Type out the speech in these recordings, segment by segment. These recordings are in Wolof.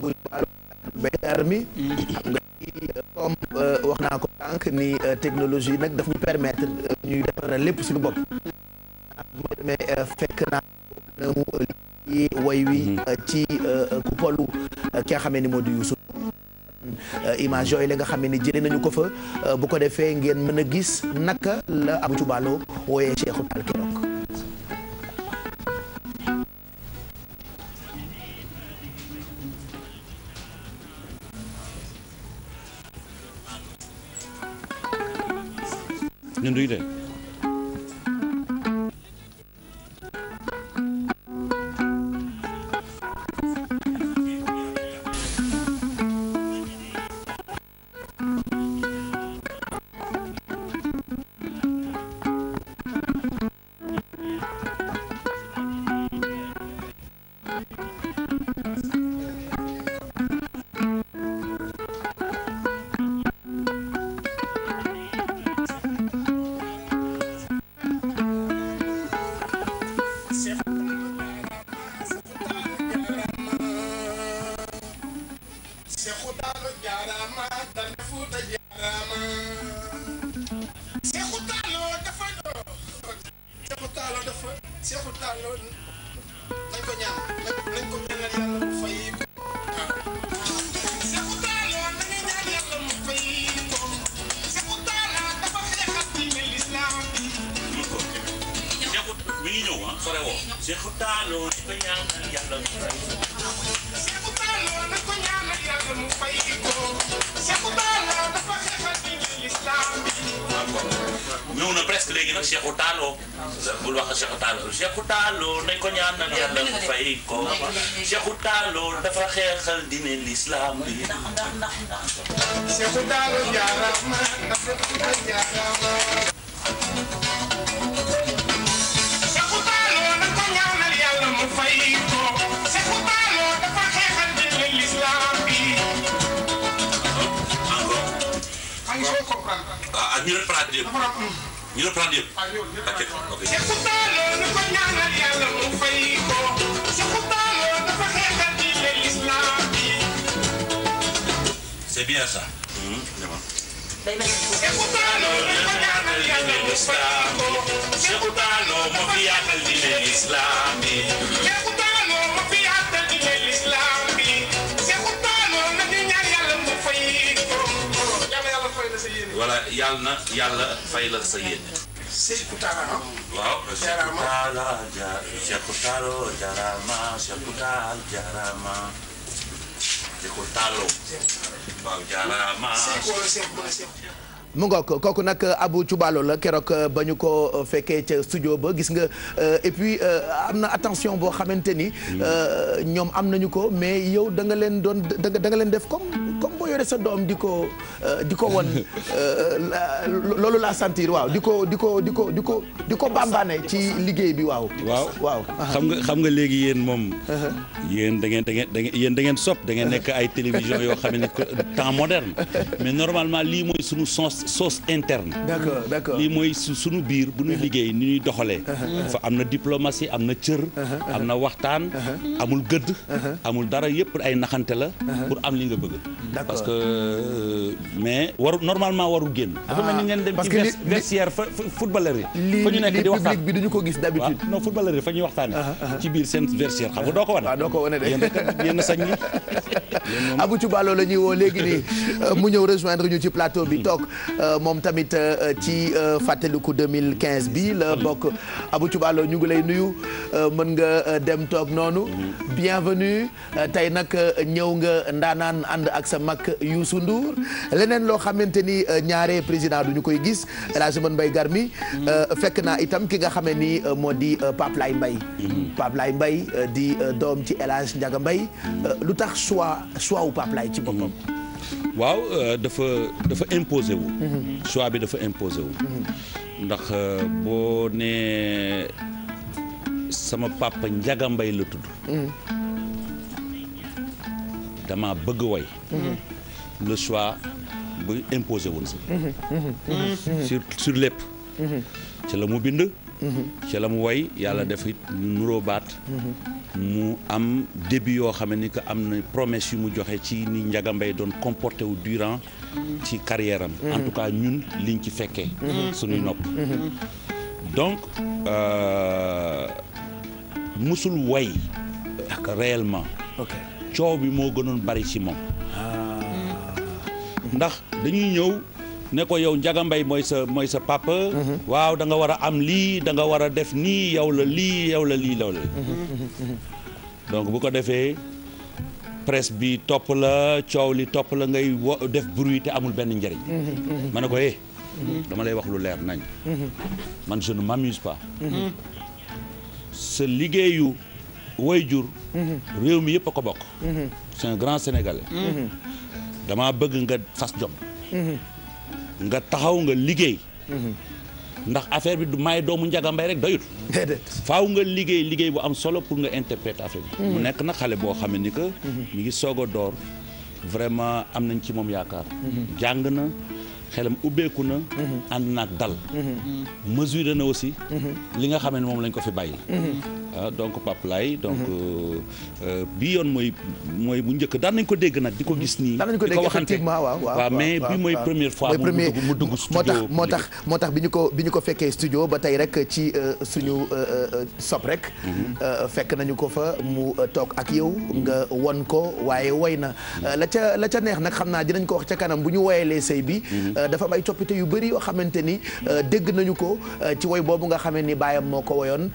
bu benn armi xam nga comme euh, wax naa ko tànk ni euh, technologie nag daf ñu permettre euh, ñuy defaral lépp suñu bopp ma demee fekk naa namu li way wi mm-hmm. ci ku polu ki nga xamee ni moo di Youssou image yooyu la nga xamee ni jëlee nañu ko fa bu ko defee ngeen mën a gis naka la Abdou Thioubalo wooyee ci jarama Cheikh Tall mu ngoog kooku nag Abou Thioubalo la keroog euh, ba ñu ko euh, fekkee ca studio ba gis nga euh, et puis am na attention boo xamante ni ñoom am nañu ko mais yow danga leen doon da leen def comme comme yore doom di ko euh, di ko won euh, loolu laa sentir waaw di ko di ko di ko di ko di ko bàmbaane ci liggéey bi waaw. waaw waaw xam nga xam nga léegi yéen moom. Uh-huh. yéen da ngeen da ngeen yéen da ngeen sopp da ngeen nekk ay télévision yoo xam ne temps moderne mais normalement lii mooy sunu sauce sauce interne. d'accord d'accord lii mooy sunu biir bu ñuy uh-huh. liggéey ni ñuy doxalee. Uh-huh. fa am na diplomatie am na cër. am na waxtaan. amul gëdd. amul dara yëpp ay naxante la. pour am li nga bëgg. parce que euh, mais waru normalement warul génn. dafa mel ngeen dem ah, ci vestiaire fa footballeur yi. fa ñu nekk di waxtaan public bi duñu ko gis d'habitude. non footballeur yi fa ñuy waxtaanee. Ah, ah, ci biir seen vestiaire xam doo ko wane. de yenn sañ yi. la ñuy woo léegi nii euh, mu ñëw rejoindre ñu ci plateau bi toog euh, moom tamit ci fàttaliku 2015 bi la bokk abu Touba loolu ñu ngi lay nuyu mën nga dem toog noonu mm-hmm. bienvenue tey nag ñëw nga ndaanaan ànd ak sa mag ak Youssou leneen loo xamante ni euh, ñaare président du ñu koy gis El Hadj Mbaye Garmi euh, fekk naa itam ki nga xamee ni euh, moo di pap Laye mbay Pape Laye Mbaye di doom ci El Hadj mbay lu tax choix choix wu Pape Laye ci boppam waaw dafa dafa imposé wu bi dafa imposé wu ndax boo nee sama papa Ndiaga Mbaye la tudd mm-hmm. dama bëgg woy mm-hmm. le choix bu imposé woon si. Mhm, mhm, mhm. sur sur lépp. ci la mu bind. ci la mu way yàlla def it nuroo baat. mu am début yoo xam ni que am na promesse yu mu joxe ci ni Ndiaga doon comporté wu durant ci carrière am. en tout cas ñun liñ ci fekkee. suñuy nopp. donc euh, musul way coow bi moo gënoon bari ci moom. Ah. ndax dañuy ñëw ne ko yow Ndiaga Mbaye mooy sa mooy sa papa. Mhm. waaw da nga war a am lii danga war a def nii yow la lii yow la lii yow la. Mhm. Mhm. donc bu ko defee presse bi topp la coow li topp la ngay def bruit te amul benn njëriñ. ma ne ko eh. dama lay wax lu leer nañ. man je m'amuse pas. sa liggéeyu way jur. réew mi yëpp a ko bokk. c'est un grand sénégalais. dama bëgg nga fas jom nga taxaw nga liggéey ndax affaire bi du may doomu Njaga Mbay rek doyut faw nga liggéey liggéey bu am solo pour nga interpréter affaire bi mu hmm. nekk na xale boo xamee ni que hmm. mi ngi soog a door vraiment am nañ ci moom yaakaar hmm. jàng na xelam ubbeeku na mm-hmm. ànd naag dal mm-hmm. mesuré na aussi mm-hmm. li nga xamee ne moom lañ ko fi bàyyi ah donc Pape donc euh, euh, bi yoon mooy mooy bu njëkk daan nañ ko dégg nag di ko gis nii di ko waxante waaw mais bi mooy première fois mu dugg studio moo tax moo tax bi ñu ko bi ñu ko fekkee studio ba tey rek ci euh, suñu sob rek fekk nañu ko fa mu toog ak yow nga won ko waaye woy na la ca la ca neex nag xam naa dinañ ko wax ca kanam bu ñu woyalee sëy bi Euh, dafa am ay coppite yu bëri yoo xamante ni euh, dégg nañu ko euh, ci woy boobu nga xamee ni baayam moo ko woyoon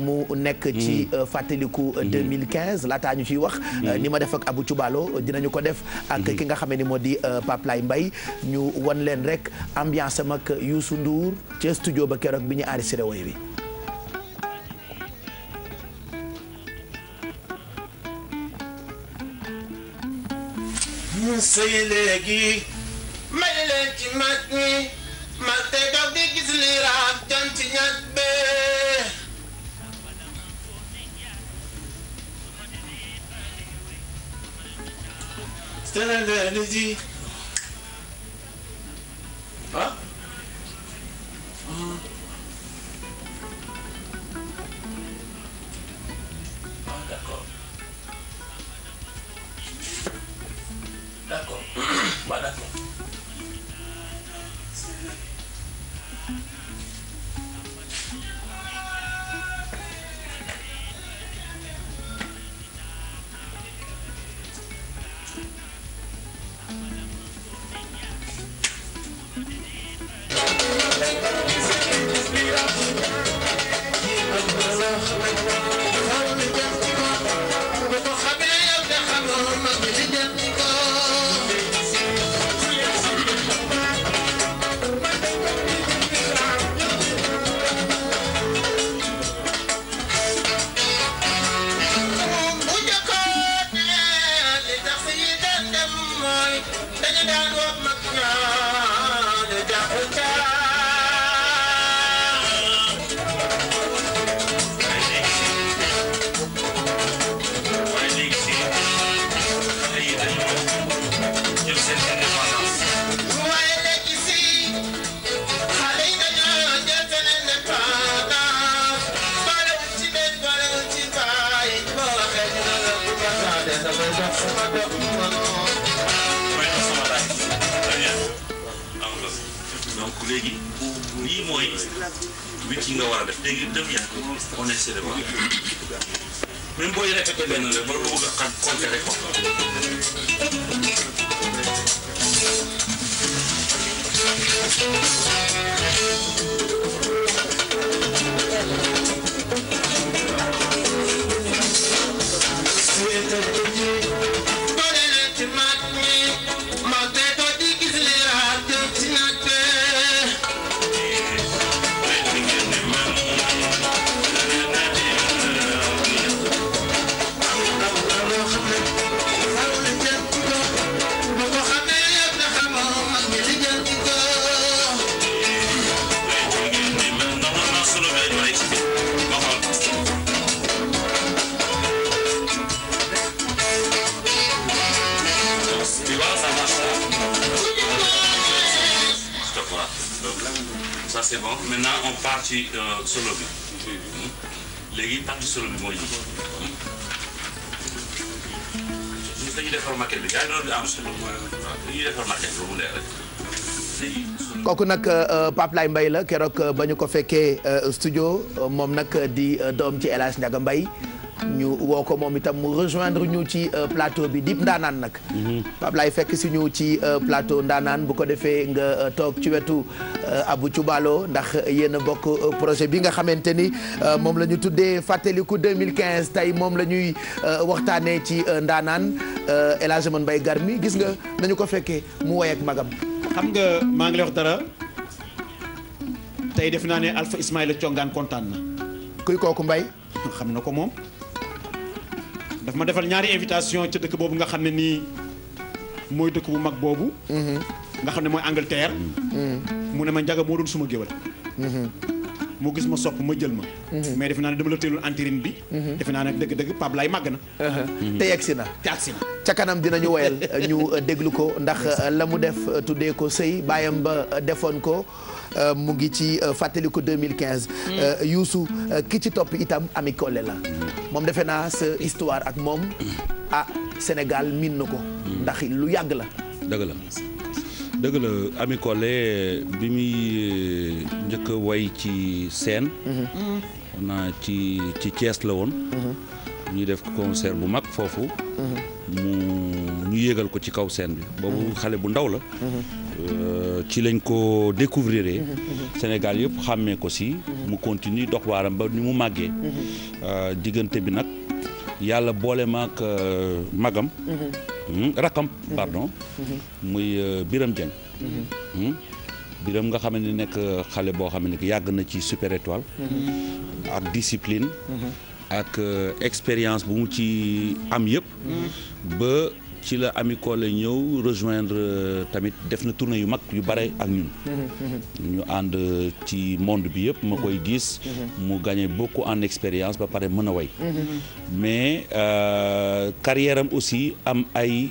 mu nekk ci mm. fàttaliku 2015 mm-hmm. laataa ñu ciy wax mm-hmm. ni ma def ak abu Thioubalo dinañu ko def ak mm-hmm. ki nga xamee ni moo di Pape Lay Mbaye ñu won leen rek ambiance am ak Youssou Ndour ci studio ba keroog bi ñu enregistré woy bi may leen ci mag ñi mag te dox di gis li raam jant ñag bee Sénégal ji ah? ah D'accord. D'accord. donc léegi lii mooy wicc yi nga war a def léegi dem yàq on essaie de voir même booy répété benn la ba ko bëgg a xam compter rek quoi. Thank you. Euh, baax ci solo bi léegi parti nag euh, Pape Laye la keroog euh, ba ñu ko fekkee studio moom nag di doom ci El Hadj Ndiaga ñu woo ko moom itam mu rejoindre ñu ci euh, plateau bi dip ndaanaan nag mhm. Pape Laye fekk si ñu ci euh, plateau ndaanaan bu ko defee nga euh, toog ci wetu abu Thioubalo ndax yéen a bokk projet bi nga xamante ni moom la ñu tuddee fàttaliku 2015 tey moom la ñuy waxtaanee ci ndaanaan El Hadj Amadou Mbaye Garmi gis nga nañu ko fekkee mu woy ak magam xam nga maa ngi lay dara tey def naa ne Alpha Ismaïla Congaan kontaan na kuy kooku Mbaye xam na ko moom daf ma defal ñaari invitation ca dëkk boobu nga xam ne nii mooy dëkk bu mag boobu. nga xam ne mooy Angleterre. mu ne ma njaga moo doon suma géwal. mu gis ma sopp ma jël ma. mais defe naa ne dama la teeloon antirine bi. defe naa ne dëgg-dëgg pab Laye màgg na. te yegsi na te yegsi na. ca kanam dinañu woyal ñu déglu ko ndax la mu def tuddee ko sëy baayam ba defoon ko. Euh, mu ngi ci euh, fàttaliku 2015. Mm. Euh, Youssou ki ci topp itam amikole la moom defe naa sa histoire ak moom ah Sénégal miin ko. Mm. ndax lu yàgg la. dëgg la dëgg la Ami bi muy njëkk a way ci scène. Mm-hmm. naa ci ci Thiès la woon. Mm-hmm. ñuy def concert bu mag foofu. Mm-hmm. mu ñu yéegal ko ci kaw seen bi. boobu xale bu ndaw la. Euh, ci lañ ko découvrir Sénégal yëpp xàmmee ko si mu continue dox waaram ba ni mu màggee euh, diggante bi nag yàlla boole maak euh, magam hmm, rakam pardon muy Biram Dieng hmm, Biram nga xam ne nekk xale boo xam ne yàgg na ci Super Étoile ak discipline ak expérience bu mu ci am yëpp ba ci la Amico la ñëw rejoindre euh, tamit def na tournée yu mag yu bare ak ñun. ñu ànd ci monde bi yëpp ma koy gis. mu gagné beaucoup en expérience ba pare mën a way. mais euh, carrière aussi am ay.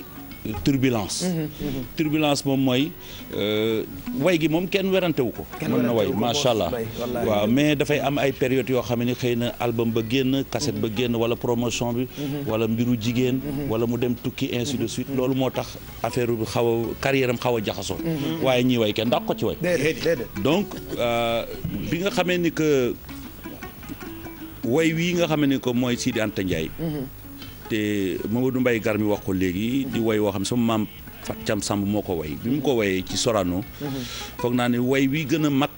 turbulence mhm, mhm. turbulence moom mooy euh, way gi moom kenn werantewu ko mën na way macha allah waaw mais dafay am ay période yoo xam ne xëy na album ba génn cassette ba mhm. génn wala promotion bi wala mbiru jigéen wala mu dem tukki ainsi de suite loolu moo tax affaire bu xaw a carrière xaw a jaxasoo waaye ñii way kenn ndax ko ci way donc euh, bi nga xamee ni que way wii nga xamee ni ko mooy Sidi Anta Ndiaye te Mamadou Mbaye gar mi wax ko léegi di woy woo xam sama maam Fat Cam moo ko woy bi ko woyee ci Sorano mm-hmm. foog naa ne woy wi gën a mag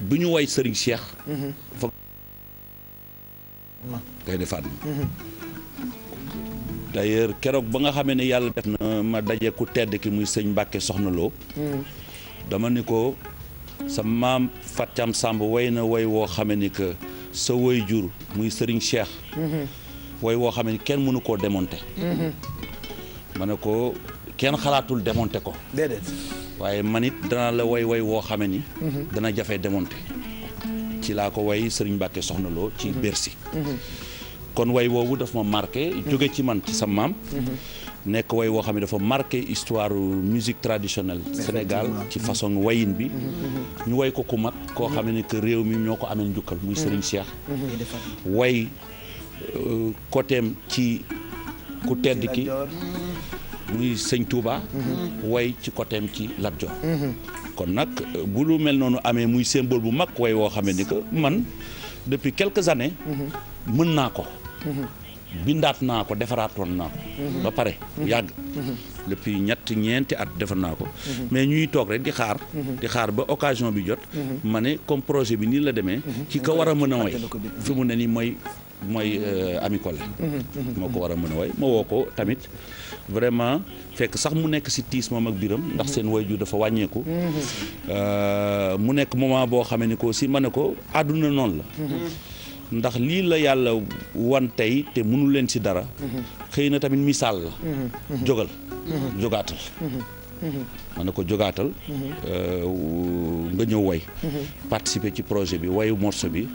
bi ñu woy Serigne Cheikh mm-hmm. foog mm-hmm. keroog ba nga xamee ne yàlla def ma daje ku muy sëñ Mbàkke Soxna Lo dama ko sa maam Fat Cam Samb woy na woy woo xamee ni que sa woy jur muy Serigne Cheikh woy woo xam ne kenn mënu koo démonter. Mhm. ma ne ko kenn xalaatul démonter ko. waaye man it dana la woy woy woo xam ni. Mhm. dana jafe démonter. ci laa ko woy Serigne Mbacke Soxna Lo ci mhm. Bercy. kon way woowu daf ma marqué. jóge ci man ci sa maam. nekk way woo xam ne dafa marke histoire musique traditionnelle Sénégal ci façon wayin bi ñu way ko ku mat koo xam ne que réew mi ñoo ko amee njukkal muy Serigne Cheikh côtéem ci ku tedd ki muy sëñ Touba. way ci côtéem ci Lat kon nag bu lu mel noonu amee muy symbole bu mag way woo xamee ni que man depuis quelque années mën naa ko bindaat naa ko defaraatoon naa ko ba pare yàgg depuis ñett ñeenti at defar naa ko mais ñuy toog rek di xaar di xaar ba occasion bi jot ma ne comme projet bi nii la demee ki ko war a mën a way fi mu ne nii mooy mooy euh, Ami mm-hmm, mm-hmm. moo ko war a mën a way ma woo ko tamit vraiment fekk sax mu nekk si tiis moom ak biram ndax mm-hmm. seen way ju dafa wàññeeku euh, mu nekk moment boo xamee ni ko si ma ne ko àdduna noonu la ndax lii la yàlla wan tey te mënu leen si dara xëy na tamit misaal la jógal jógaatal ma a ko jógaatal euh, nga ñëw way participer ci projet bi wayu morceau bi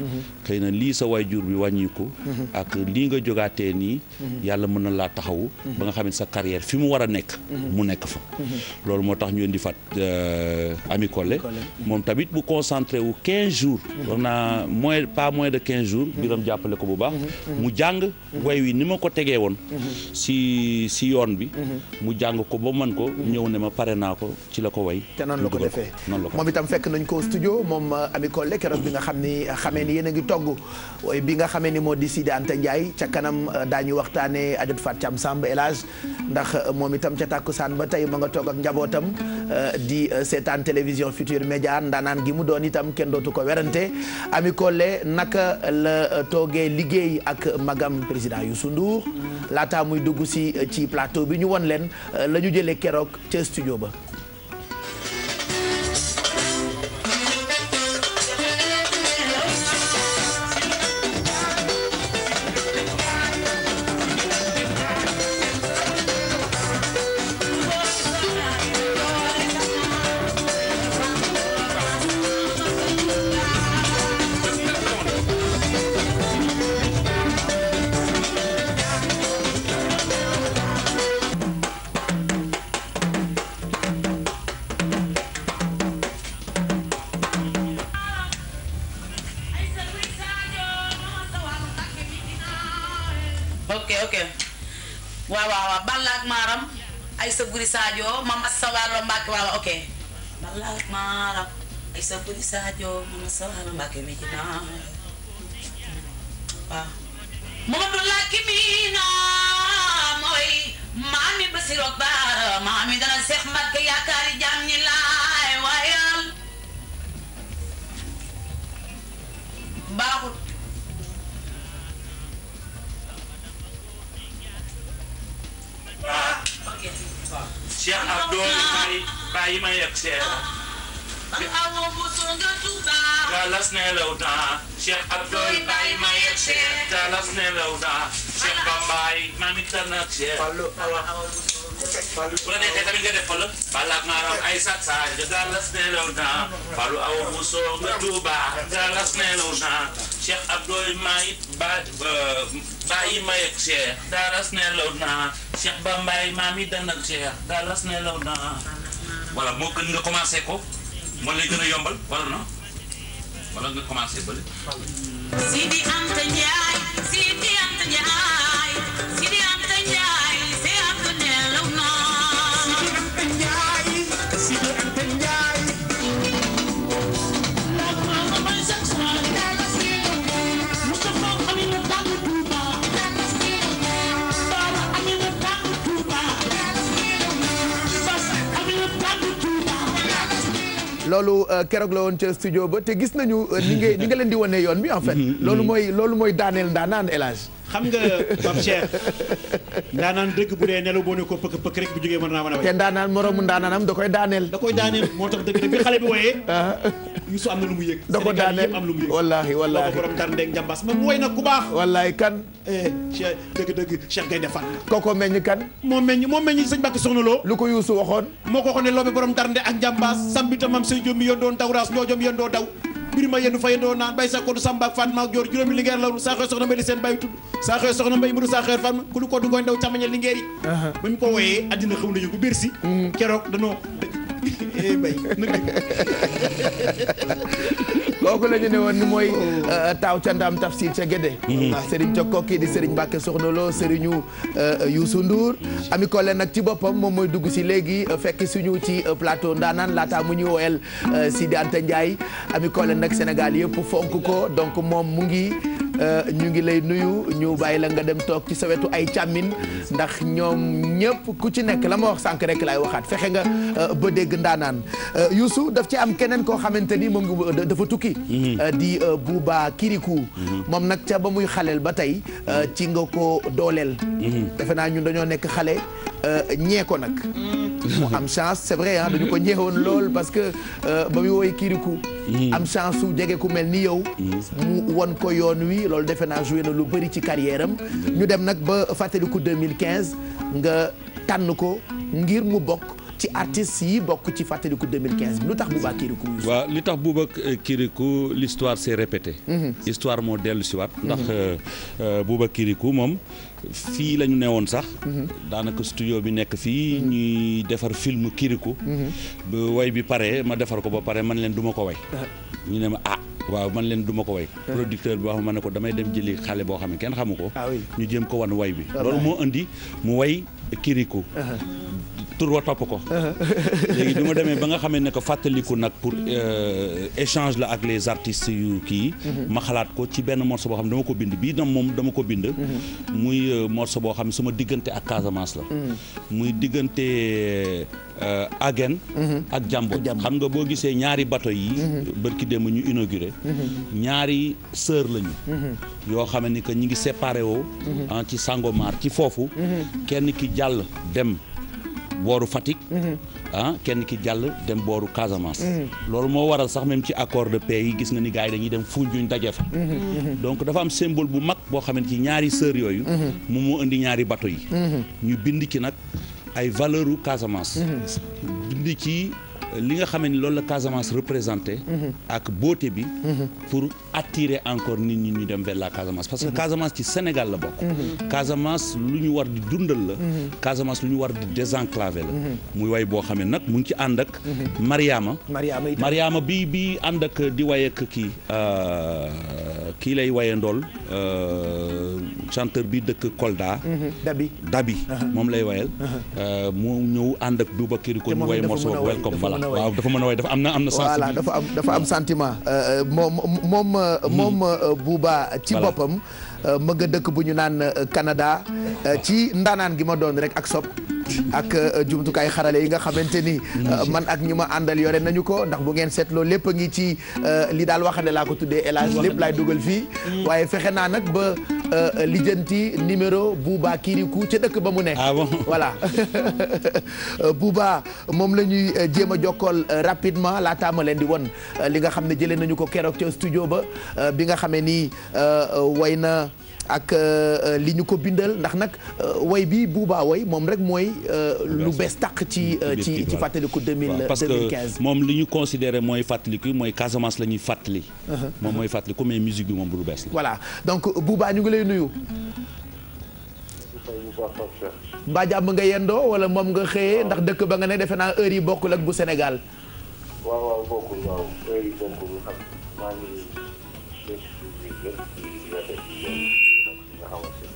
xëy na lii sa way jur bi wàññiku ak lii nga jógaatee nii yàlla mën na laa taxawu ba nga xam ne sa carrière fi mu war a nekk mu nekk fa loolu moo tax ñu indi fat euh, Ami Collé moom tamit bu concentré wu quinze jours wax naa moins pas moins de quinze jours biram jàppale ko bu baax mu jàng way wi ni ma ko tegee woon si si yoon bi mu jàng ko ba mën ko ñëw ne ma pare naa ko ci la ko woy te noonu la ko defee moom itam fekk nañ ko studio moom euh, Ami Collé keroog bi nga xam ni euh, xamee ni yéen a ngi togg bi nga xamee ni moo di Sidi Anta Ndiaye ca kanam euh, daañu waxtaane ajot Fat Thiam Samb El Hadj ndax moom itam ca tàkku saan ba tey ma nga toog ak njabootam di seetaan télévision Futur Média ndaanaan gi mu doon itam kenn dootu ko werante Ami Collé naka la toogee liggéey ak magam président Youssou Ndour laataa muy dugg si ci plateau bi ñu won leen la ñu jëlee keroog ca studio ba sama Mbacke mi ci naa saanja galas nelaw naa Fallou awa Bousso nga Touba galas nelaw naa Cheikh Abdoulaye Mayit ba bàyyi mayeg Cheikh galas nelaw naa Cheikh Bambaye maami danak Cheikh galas nelaw naa voilà moo gën nga commencé ko moo lay gën a yombal wala non wala nga commencé bële Sidi Anta Ndiaye Sidi Anta Ndiaye loolu euh, keroog la woon ca studio ba te gis nañu. Euh, ni nga ni nga leen di yoon mi en fait. Mhm, mhm. loolu mooy loolu mooy daaneel daanaan El xam nga Pape Cheikh ndaanaan dëgg bu dee nelaw boo ne ko pëkk pëkk rek bu jógee mën naa mën a way te ndaanaan moromu ndaanaanam da koy da koy daaneel moo tax dëgg dëgg bi xale ah. am lu mu yëg da ko daaneel am lu mu yëg wallaahi wallaahi borom moom woy nag ku baax wallaahi kan eh, Cheikh dëgg dëgg Cheikh Gaynde Fatma kooko meññ kan moo meññ moo meññ sëñ Mbàkke Soxna Lo lu ko Youssou waxoon moo ko waxoon ne loobe borom ndar ndeeg ak njàmbaas sambita mam sëy jom mi yondoo daw raas ñoo jom yondoo daw mbir ma yendu fa yendoo naan bay sax kodu Samba ak Fatma ak Joor juróomi lingeer la saaxee soxna mbay seen bàyyi tudd saaxee soxna mbay mbiru saaxee Fatma ku lu ko dugooñ daw càmmañal lingeer yi ba mu ko wooyee àddina xaw na yëngu biir si mm-hmm. keroog danoo mbay eh, eh, kooku la ñu ne woon mooy euh, taaw ca ndam tafsir ca Gédé. Mhm. Serigne Cokko kii di Serigne Mbacke Soxna Lo Serigne euh, Youssou Ndour. Mhm. ami Collé nag ci boppam moom mooy dugg si léegi euh, fekk suñu ci plateau ndaanaan laata mu ñu woowel Sidi Anta Ndiaye ami nag Sénégal yëpp fonk ko donc moom mu ngi. Euh, ñu ngi lay nuyu ñu bàyyi la nga dem toog ci sa wetu ay càmmin ndax ñoom ñëpp ku ci nekk la ma wax sànq rek laay waxaat fexe nga euh, ba dégg ndaanaan euh, Youssou daf ci am keneen koo xamante ni moom nga dafa tukki. Mhm. di Bouba Kirikou. Mhm. moom nag ca ba muy xaleel ba tey ci nga ko dooleel. Mhm. defe naa ñun dañoo nekk xale ñee ko nag. mu am chance c'est vrai ah dañu ko ñeewoon lool parce que euh, ba muy woy kiriku am chance su jege ku mel ni yow mu won ko yoon wi loolu defe naa joué na lu bëri ci carrière ñu dem nag ba fàttaliku 2015 nga tànn ko ngir mu bokk ci artistes yi bokk ci fàttaliku 2015 bi lu tax Bouba Kirikou. waaw li tax Bouba Kirikou l'histoire s'est répétée. Mhm. histoire moo dellu si waat. Mhm. ndax euh, euh, Bouba Kirikou moom. fii la ne woon sax. daanaka studio bi nekk fii. ñuy defar film Kirikou. ba way bi pare ma defar ko ba pare man leen duma ko way. ñu ne ma ah waaw man leen duma ko woy producteur bi wax ma ne ko damay dem jëli xale boo xam ne kenn xamu ko. Ah ñu jéem ko wan woy bi. Ah loolu moo indi mu way Kirikou. tur wa topp ko léegi bi ma demee ba nga xamee ne ko fàttaliku nag pour euh, échange la ak les artistes yu kii mhm. ma xalaat ko ci benn morceau boo xam ne dama ko bind bii nag moom dama ko bind mhm. muy euh, morceau boo xam ne sama diggante ak Casamance la mhm. muy diggante euh, Agen ak Jambo xam nga boo gisee ñaari bateau yi bërki démb ñu inauguré ñaari sœur lañu yoo xam ne que ñi ngi séparé woo ci Sangomar ci foofu kenn ki jàll dem booru Fatick. Mhm. ah kenn ki jàll dem booru Casamance. Mhm. loolu moo waral sax même ci accord de paix yi gis nga ni gars yi dañuy dem Foundiougne daje fa. Mhm, donc dafa am symbole bu mag boo xamante ci ñaari sœur yooyu. moom moo indi ñaari bateau yi. ñu bind ci nag ay valeur Casamance. bind ci. li nga xamee ni loolu la Casamance représenté. Mhm. ak beauté bi. Mhm. pour attirer encore nit ñi ñu dem vers la Casamance. parce que mhm. Casamance ci Sénégal la bokk. Casamance lu ñu war di dundal la. Casamance lu ñu war di désenclaver la. muy way boo xamee nag mu ngi ci ànd ak. Mariama. Mariama bi bii ànd ak di way ak kii. Euh, kii lay waye ndool euh, chanteur bi dëkk Kolda. Dabi Dabi. Uh-huh. moom lay wayal. Uh-huh. Euh, mu ñëw ànd ak Duba Kiriko ñu way morceau welcome voilà. mën a way waaw dafa mën a way dafa am na am na sentiment am dafa am sentiment euh, euh, moom moom hmm. moom euh, Bouba ci boppam ma nga dëkk bu ñu naan kanada ci ndaanaan gi ma doon rek ak sob ak jumtukaay xarale yi nga xamante ni hmm. man ak ñu ma àndal yore nañu ko ndax bu ngeen seetloo lépp a ngi ci li daal waxande laa ko tuddee élage lépp laay dugal fii hmm. waaye fexe naa nag ba Euh, lijjanti numéro Bouba Kirikou ca dëkk ba mu ne ah bon voilà euh, Bouba moom la ñuy euh, jéem a jokkool rapidement laa ma leen di won li nga xam ne jëlee nañu ko keroog ca studio ba bi nga xamee ni woy na. ak euh, euh, li ñu ko bindal ndax nag euh, woy bi buubaa woy moom rek mooy lu bees tàq ci ci ci fàttaliku 2015 parce que moom li ñu considéré mooy fàttaliku mooy Casamance la ñuy fàttali uh-huh. moom mooy fàttaliku mais musique bi moom lu bees la voilà donc buubaa ñu ngi lay nuyu mbaa nga yendoo wala moom nga xëyee ndax dëkk ba nga ne defe naa heure yi bokkul ak bu senegal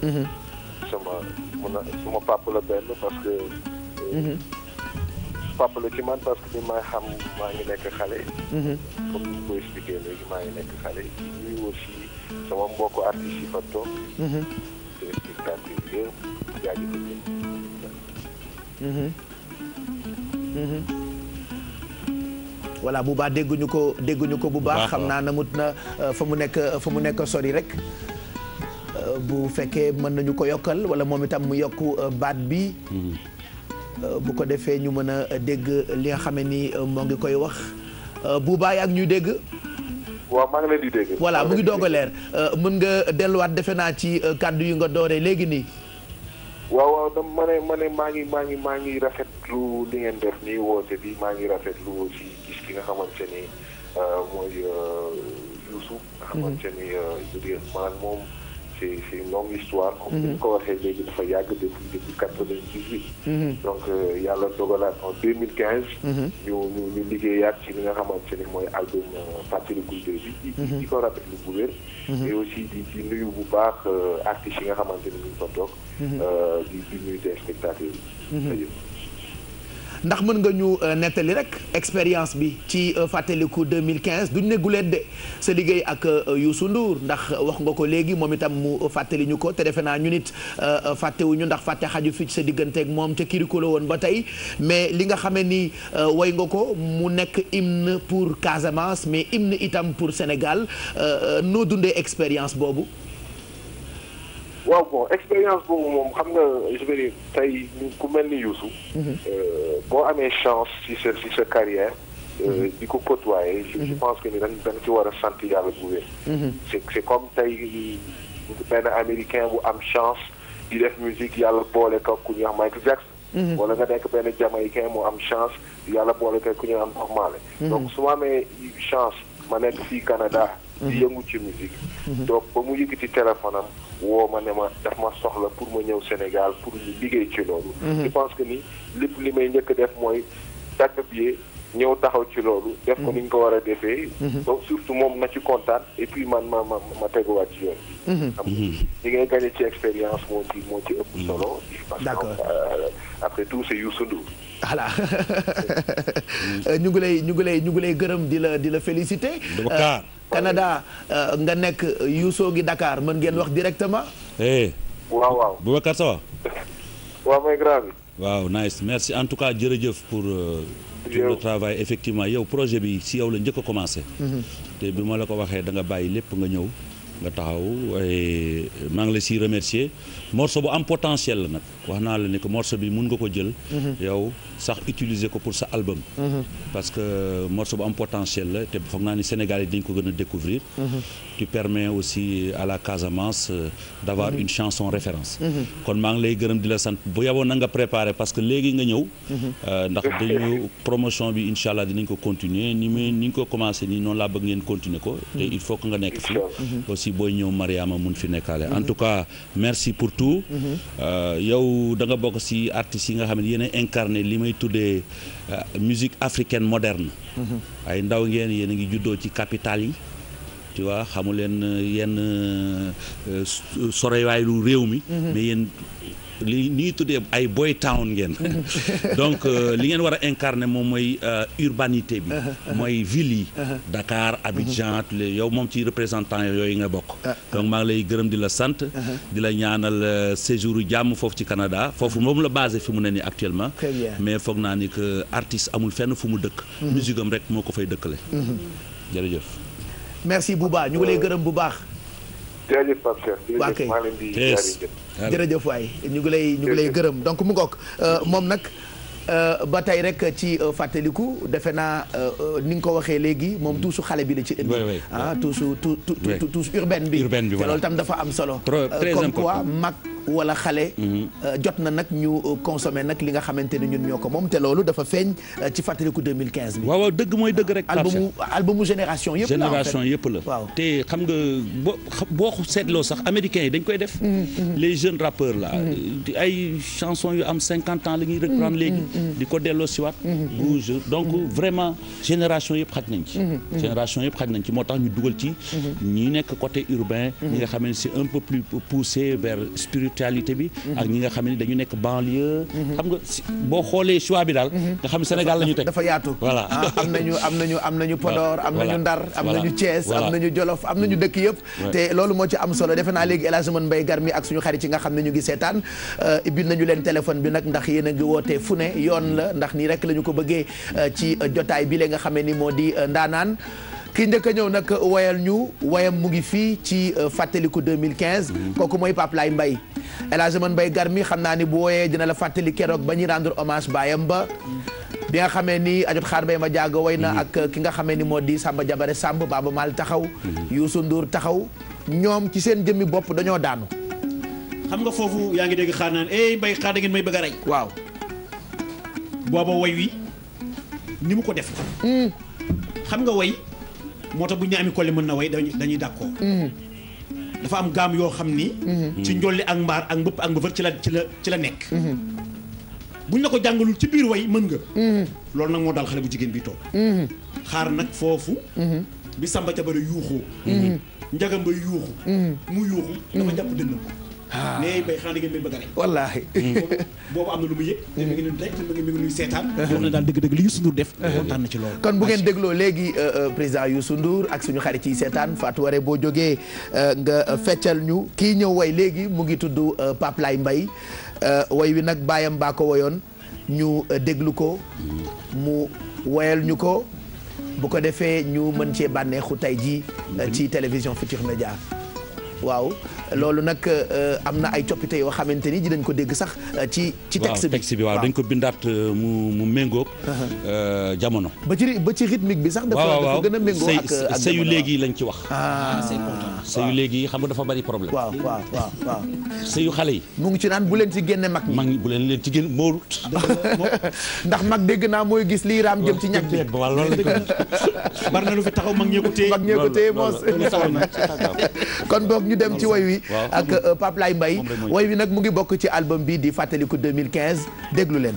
sama mun a sama papa la benn parce que. Mhm. Euh, papa la ci man parce que bi may xam maa ngi nekk xale. Mhm. comme ni ko nekk xale yi aussi sama mbokku artistes yi fa toog. bu mhm. baax dégguñu ko dégguñu ko bu baax xam naa na mut euh, na fa mu nekk euh, fa mu nekk sori rek bu fekkee mën nañu ko yokkal wala moom itam mu yokk euh, baat bi hmm. euh, bu ko defee ñu mën a dégg li nga xame ni euh, moo ngi koy wax bu bàyyi ak ñuy dégg waaw maa ngi leen di dégg voilà mu ngi doog a mën nga delluwaat defe naa ci kàddu yu nga dooree léegi nii waaw waaw ma ne ma maa ngi maa ngi maa ngi rafetlu li ngeen def nii woote bi maa ngi rafetlu aussi gis ki nga xamante ni mooy Youssou nga xamante ni je dirais maanaam moom c'est c'est une longue histoire. comme ni ñu ko waxee léegi dafa yàgg depuis depuis quatre-vingt-dix-huit. Mhm. donc euh, yàlla dogalaat en deux mille quinze. Mhm. ñu ñu ñu liggéeyaat ci li nga xamante ni mooy album euh, Fàttaliku deux bi. di ko rafetlu bu wér. mais mhm. aussi di di nuyu bu baax euh, artistes yi nga xamante ni ñu ngi fa toog. di di nuyu des spectateurs ndax mën nga ñu euh, nettali rek expérience bi ci euh, fàttaliku 2015 duñ ne guleet de sa liggéey ak euh, Youssou Ndour ndax wax nga ko léegi moom itam mu fàttali ñu ko te defe naa ñu nit fàttewuñu ndax fàtte xaju fii ci sa digganteek ak moom ca Kiriko la woon ba tey mais li nga xamee ni way nga ko mu nekk hymne pour Casamance mais hymne itam pour Sénégal noo dundee expérience boobu. waaw bon expérience boobu moom xam nga je veux dire tey ku mel ni Youssou. Mhm. Euh, boo amee chance si sa ci sa carrière. Euh, mhm. di ko côtoyer. je mhm. pense que ni dañ dañ ci war a sant yàlla bu wér. c'est c'est comme tey benn américain bu am chance di def musique yàlla boole ko ku ñuy wax Michael Jackson. wala nga nekk benn jamaïcain mu m chance yàlla boole ko ku ñuy am Bob Marley. donc su ma amee chance ma nekk fii Canada. di yëngu ci musique mhm. donc ba mu ci téléphone am woo ma ne ma daf ma soxla pour ma ñëw Sénégal pour ñu liggéey ci loolu mhm. je pense ni lépp li may njëkk def mooy dàkk biee ñëw taxaw ci loolu def ko mhm. ni ñu ko war a defee donc surtout moom na ci kontaan et puis man ma ma ma teguwaat ci yoon bi ñi ngay gagné ci expérience moo ci moo ci ëpp solo parce que euh, après tout c'est Youssou Ndour voilà mm. ñu ngi lay ñu ngi lay ñu ngi lay gërëm di la di la féliciter. Dakar euh, Canada euh, nga nekk Youssou gi Dakar mën ngeen wax directement. Eh. waaw waaw Boubacar ça va. nice merci en tout cas jërëjëf pour. tout euh, le effectivement yow projet bi si yow la njëkk a commencé. Mhm. te bi ma la ko waxee da nga bàyyi lépp nga ñëw nga taxaw waaye maa ngi la si remercier morceau bu am potentiel la nag. wax naa la ni que morceau bi mun nga ko jël. Mhm. yow sax utiliser ko pour sa album. Mhm. parce que morceau bu am potentiel la te foog naa ni Sénégal dañ ko gën a découvrir. Mhm. tu permets aussi à la Casamance euh, d' avoir une chanson référence. kon maa ngi lay gërëm di la sant bu yaboon na nga parce que léegi nga ñëw. Euh, ndax dañu promotion bi incha allah dinañ ko continuer ni muy ni ñu ko commencé ni noonu laa bëgg ngeen continuer ko. te il faut que nga nekk fii. aussi booy ñëw fi nekkaale. en tout cas merci pour tout. Euh, yow da nga bokk si artistes yi nga xam ne yéen a li may tuddee euh, musique africaine moderne. Mm-hmm. ay ndaw ngeen yéen a ngi juddoo ci capital yi. tu vois xamu leen euh, yenn euh, soroyaayu réew mi. Mm-hmm. mais yéen li ñuy tuddee ay boy town ngeen donc euh, li ngeen war a incarner moom mooy euh, urbanité bi uh-huh, uh-huh. mooy ville yi uh-huh. Dakar Abidjan yow moom ci représentant yooyu nga bokk donc maa ngi lay gërëm di la sant di la ñaanal euh, séjour jàmm foofu ci Canada foofu moom la basé fi mu ne nii actuellement mais foog naa ni que artiste amul fenn fu mu dëkk musique am rek moo ko fay dëkkale merci Bouba ñu ngi lay gërëm bu baax jërëjëf Pape Cheikh jërëjëf waay ñu ngi lay lay gërëm donc mu ngoog euh, moom nag euh, ba tey rek ci euh, fàttaliku defe naa ni nga ko waxee léegi moom mm. tuusu xale bi la ci indi ah tuusu tuusu urbaine bi te loolu tam dafa am solo comme quoi mag wala xale. Mhm. Euh, jot na nag ñu euh, consommer nag li nga xamante ni ñun ñoo ko moom te loolu dafa feeñ euh, ci fàttaliku 2015 bi. waaw waaw dëgg mooy dëgg rek. albumu albumu génération yëpp la génération yëpp la. waaw te xam nga boo boo seetloo sax américains yi dañ koy def. Mhm, mhm. les jeunes rappeurs là. ay chansons yu am cinquante ans la ñuy reprendre léegi. di ko delloo siwaat. donc vraiment génération yëpp xaj nañ ci. génération yëpp xaj nañ ci moo tax ñu dugal ci. ñi nekk côté urbain. ñi nga xam ne un peu plus poussé vers actualité bi mhm. ak ñi nga xam ne dañu nekk banlieue mhm. xam nga boo xoolee choix bi daal mhm. nga xam Sénégal la ñu teg dafa yaatu voilà ah, am nañu am nañu am nañu Podor am nañu Ndar am nañu Thiès am nañu Jolof am nañu dëkk yëpp te loolu moo ci am solo defe naa léegi El Hadj Mane Mbaye Garmi ak suñu xarit yi nga xam ne ñu ngi seetaan euh, ibbil nañu leen téléphone bi nag ndax yéen a ngi wootee fu ne yoon la ndax nii rek la ko bëggee euh, ci euh, jotaay bi le nga xam ni moo di ndaanaan ki njëkk ñëw nag uh, woyal ñu woyam mu ngi fii ci uh, fàttaliku 2015 mm-hmm. kooku mooy Pape Laye Mbaye mbay Hadj Man Mbaye Garmi xam naa ni bu woyee dina la fàttali keroog ba ñuy rendre hommage baayam ba mm-hmm. bi nga xamee ni ajot xaar bay ma jaaga way mm-hmm. ak uh, ki nga xamee ni moo di Samba Jabare Samb Baba Maal taxaw Youssou Ndour taxaw ñoom ci seen jëmmi bopp dañoo daanu xam nga foofu yaa ngi dégg xaar naan ey eh, mbay xaar da may bëgg a rey waaw booba woy wi ni mu ko def mm. xam nga way moo tax bu ñu ne Ami Collé mën na way dañuy dañuy d'accord. Mm-hmm. dafa am gaam yoo xam ni. Mm-hmm. ci njolli ak mbaar ak mbëpp ak mbëfër ci la ci la ci la nekk. Mm-hmm. buñ la ko jàngalul ci biir way mën nga. loolu nag moo daal xale bu jigéen bi toog. xaar nag foofu. bi Samba Jabare yuuxoo. njagam ba yuuxu. mu yuuxu. dafa jàpp dënnam. Ah. nee mbay a rey wallaahi boobu am na lu mu yëg mi mm. ngi nuy tey mi ngi mi ngi nuy seetaan mm. daal dëgg-dëgg li Youssou def mm. kontaan na ci loolu kon bu ngeen dégloo léegi euh, euh, président Youssou Ndour ak suñu xarit yi seetaan Fatou Waré boo jógee euh, nga feccal ñu kii ñëw woy léegi mu ngi tudd Pape mbay Mbaye way wi nag baayam baa ko woyoon ñu déglu ko mu woyal ñu ko bu ko defee ñu mën cee bànneexu tey jii ci télévision Futur Média waaw loolu nag am na ay coppite yoo xamante ni dinañ ko dégg sax ci ci texte bi bi waaw dañ ko bindaat mu mu méngoog jamono ba ci ba ci bi sax dafa dafa gën a méngoo ak ak léegi lañ ci wax sëyu léegi xam dafa bari problème waaw waaw waaw sëyu xale yi mu ngi ci naan bu leen ci génne mag mag bu leen leen ci génne moo ndax mag dégg naa mooy gis lii raam jëm ci ñag bi waaw loolu lañ ko bari na lu fi taxaw mag ñee ko téye moos ñu dem ci way wi ak euh, Pape Lay Mbaye way wi nag mu ngi bokk ci album bi di fàttaliku 2015 déglu leen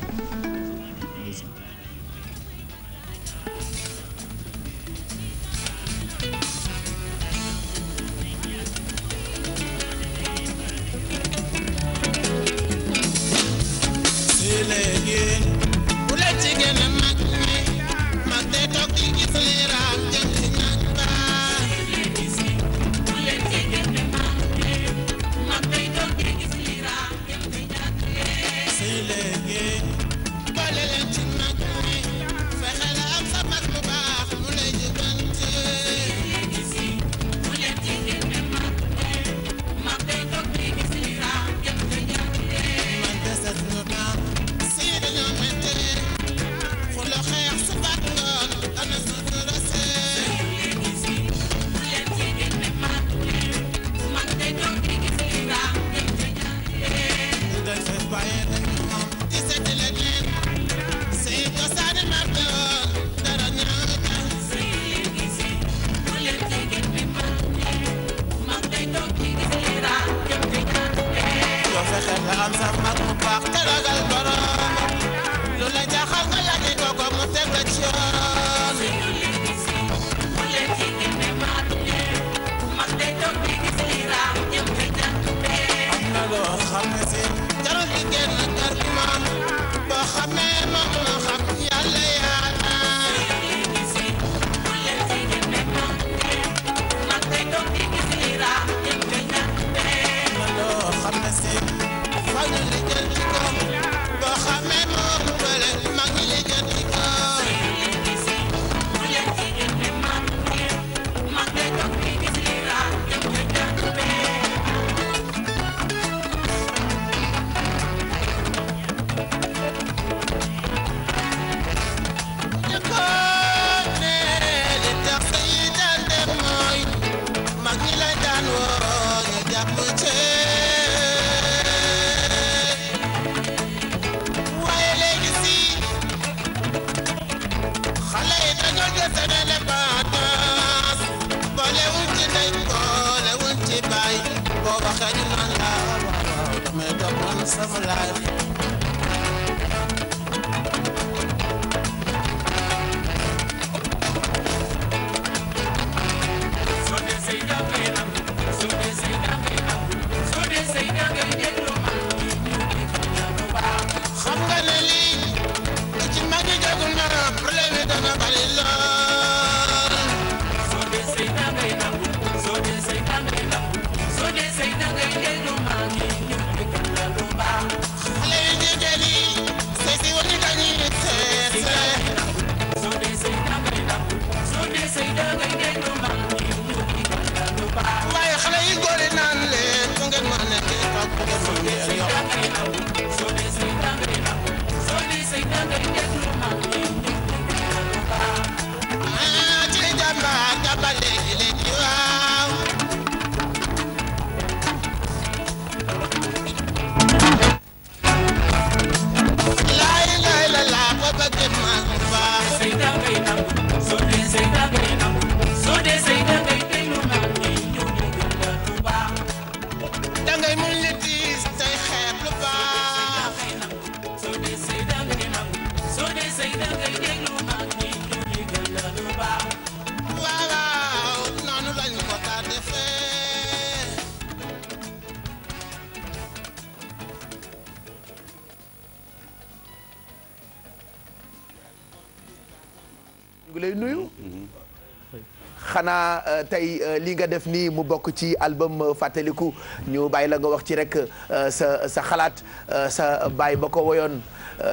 tey euh, li nga def nii mu bokk ci album euh, fàttaliku ñu bàyyi la nga wax ci rek euh, sa sa xalaat sa bàyyi ba ko woyoon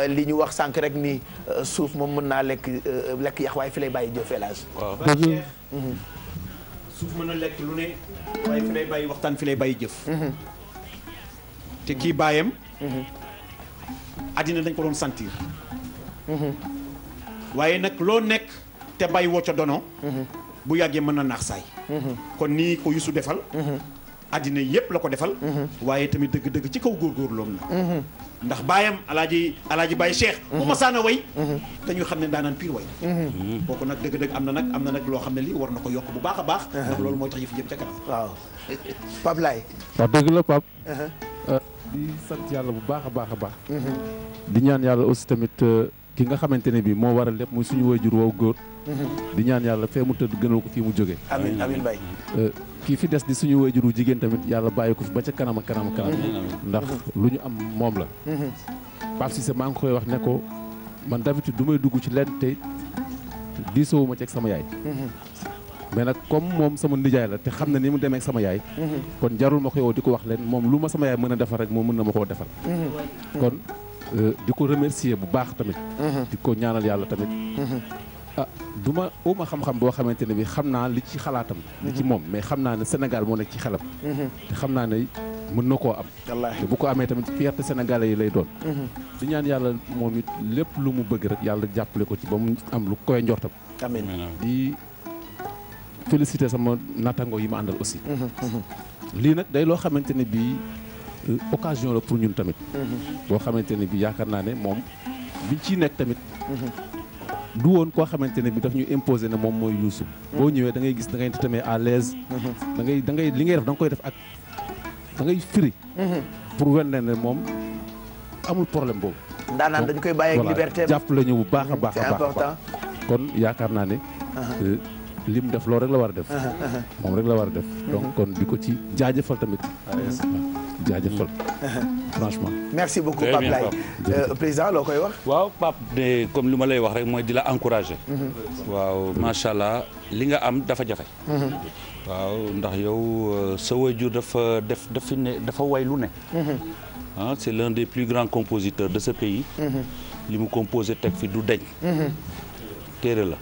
li ñu wax sànq rek ni suuf moom mën naa lekk lekk yax waaye fi lay bàyyi jëf mhm. suuf mën lekk lu waxtaan fi lay jëf mhm. te kii bàyyam mhm. àddina dañ ko doon sentir waaye nag loo nekk te bàyyi woo ca dono bu yàggee mën na naax saay kon nii ko Youssou defal àddina yëpp la ko defal waaye tamit dëgg-dëgg ci kaw góorgóorloom la ndax baayam alaaji alaaji Baye Cheikh bu ma saana way dañu xam ne daanaan pire way kooku nag dëgg-dëgg am na nag am na nag loo xam ne lii war na ko yokk bu baax a baax ndax loolu mooy tax yëf jëm ca kanam waaw Pape Laye wax dëgg la Pape uh-huh. euh, di sant yàlla bu baax a baax a baax uh-huh. di ñaan yàlla aussi tamit euh, ki nga xamante ne bii moo waral lépp muy suñu waajur woow góor. Mhm. di ñaan yàlla fee mu tëdd gënal ko fii mu jóge amiin amiin euh, kii fi des di suñu waajur juru jigéen tamit yàlla bàyyi ko fi ba ca kanam ak kanam ndax mhm. lu ñu am moom la. Mhm. Pape Cissé maa ngi koy wax ne ko man d'habitude du may dugg ci lenn te diisoowuma ci ak sama yaay. mais nag comme moom sama nijaay la te xam na ni mu demee ak sama yaay. kon jarul ma koy woo di ko wax leen moom lu ma sama yaay mën a defar rek moom mën na ma koo defar. Euh, di ko remercier bu baax tamit. Mhm. di ko ñaanal yàlla tamit. Mhm. ah du ma uma xam-xam boo xamante ne bi xam naa li ci xalaatam. li ci mhm. moom mais xam naa ne Sénégal moo nekk ci xelam. te xam naa ne mën na koo am. te bu ko amee tamit fierté sénégalais yi lay doon. di ñaan yàlla moom it lépp lu mu bëgg rek yàlla jàppale ko ci ba mu am lu koy njortam. amiin di féliciter sama nattango yi ma àndal aussi. lii nag day loo xamante ne bii. Euh, occasion la pour ñun tamit. Mhm. boo xamante ne bi yaakaar naa ne moom biñ ciy nekk tamit. Mhm. du woon koo xamante ne bi daf ñu imposer ne moom mooy Youssou. boo ñëwee da ngay gis da ngay tamit à l'aise mhm. da ngay li ngay def da nga koy def ak da ngay firi. pour wane ne moom amul problème boobu. daanaka dañu koy bàyyi ak liberté jàpp la ñu bu baax a baax a baax kon yaakaar naa ne. Uh-huh. Euh, li mu def lool rek la war a def. Uh-huh, uh-huh. moom rek la war a def. donc kon di ko ci jaajëfal tamit. jaajëfal franchement. merci beaucoup Pape Laye euh, président loo koy wax. li ma la encourager. Mhm. waaw macha allah li nga am dafa jafe. Mhm. waaw yow euh, sa waajur dafa def way lu ne. Mhm. ah c'est l'un des plus grands compositeurs de ce pays. li mu composé teg fi du deñ téere la.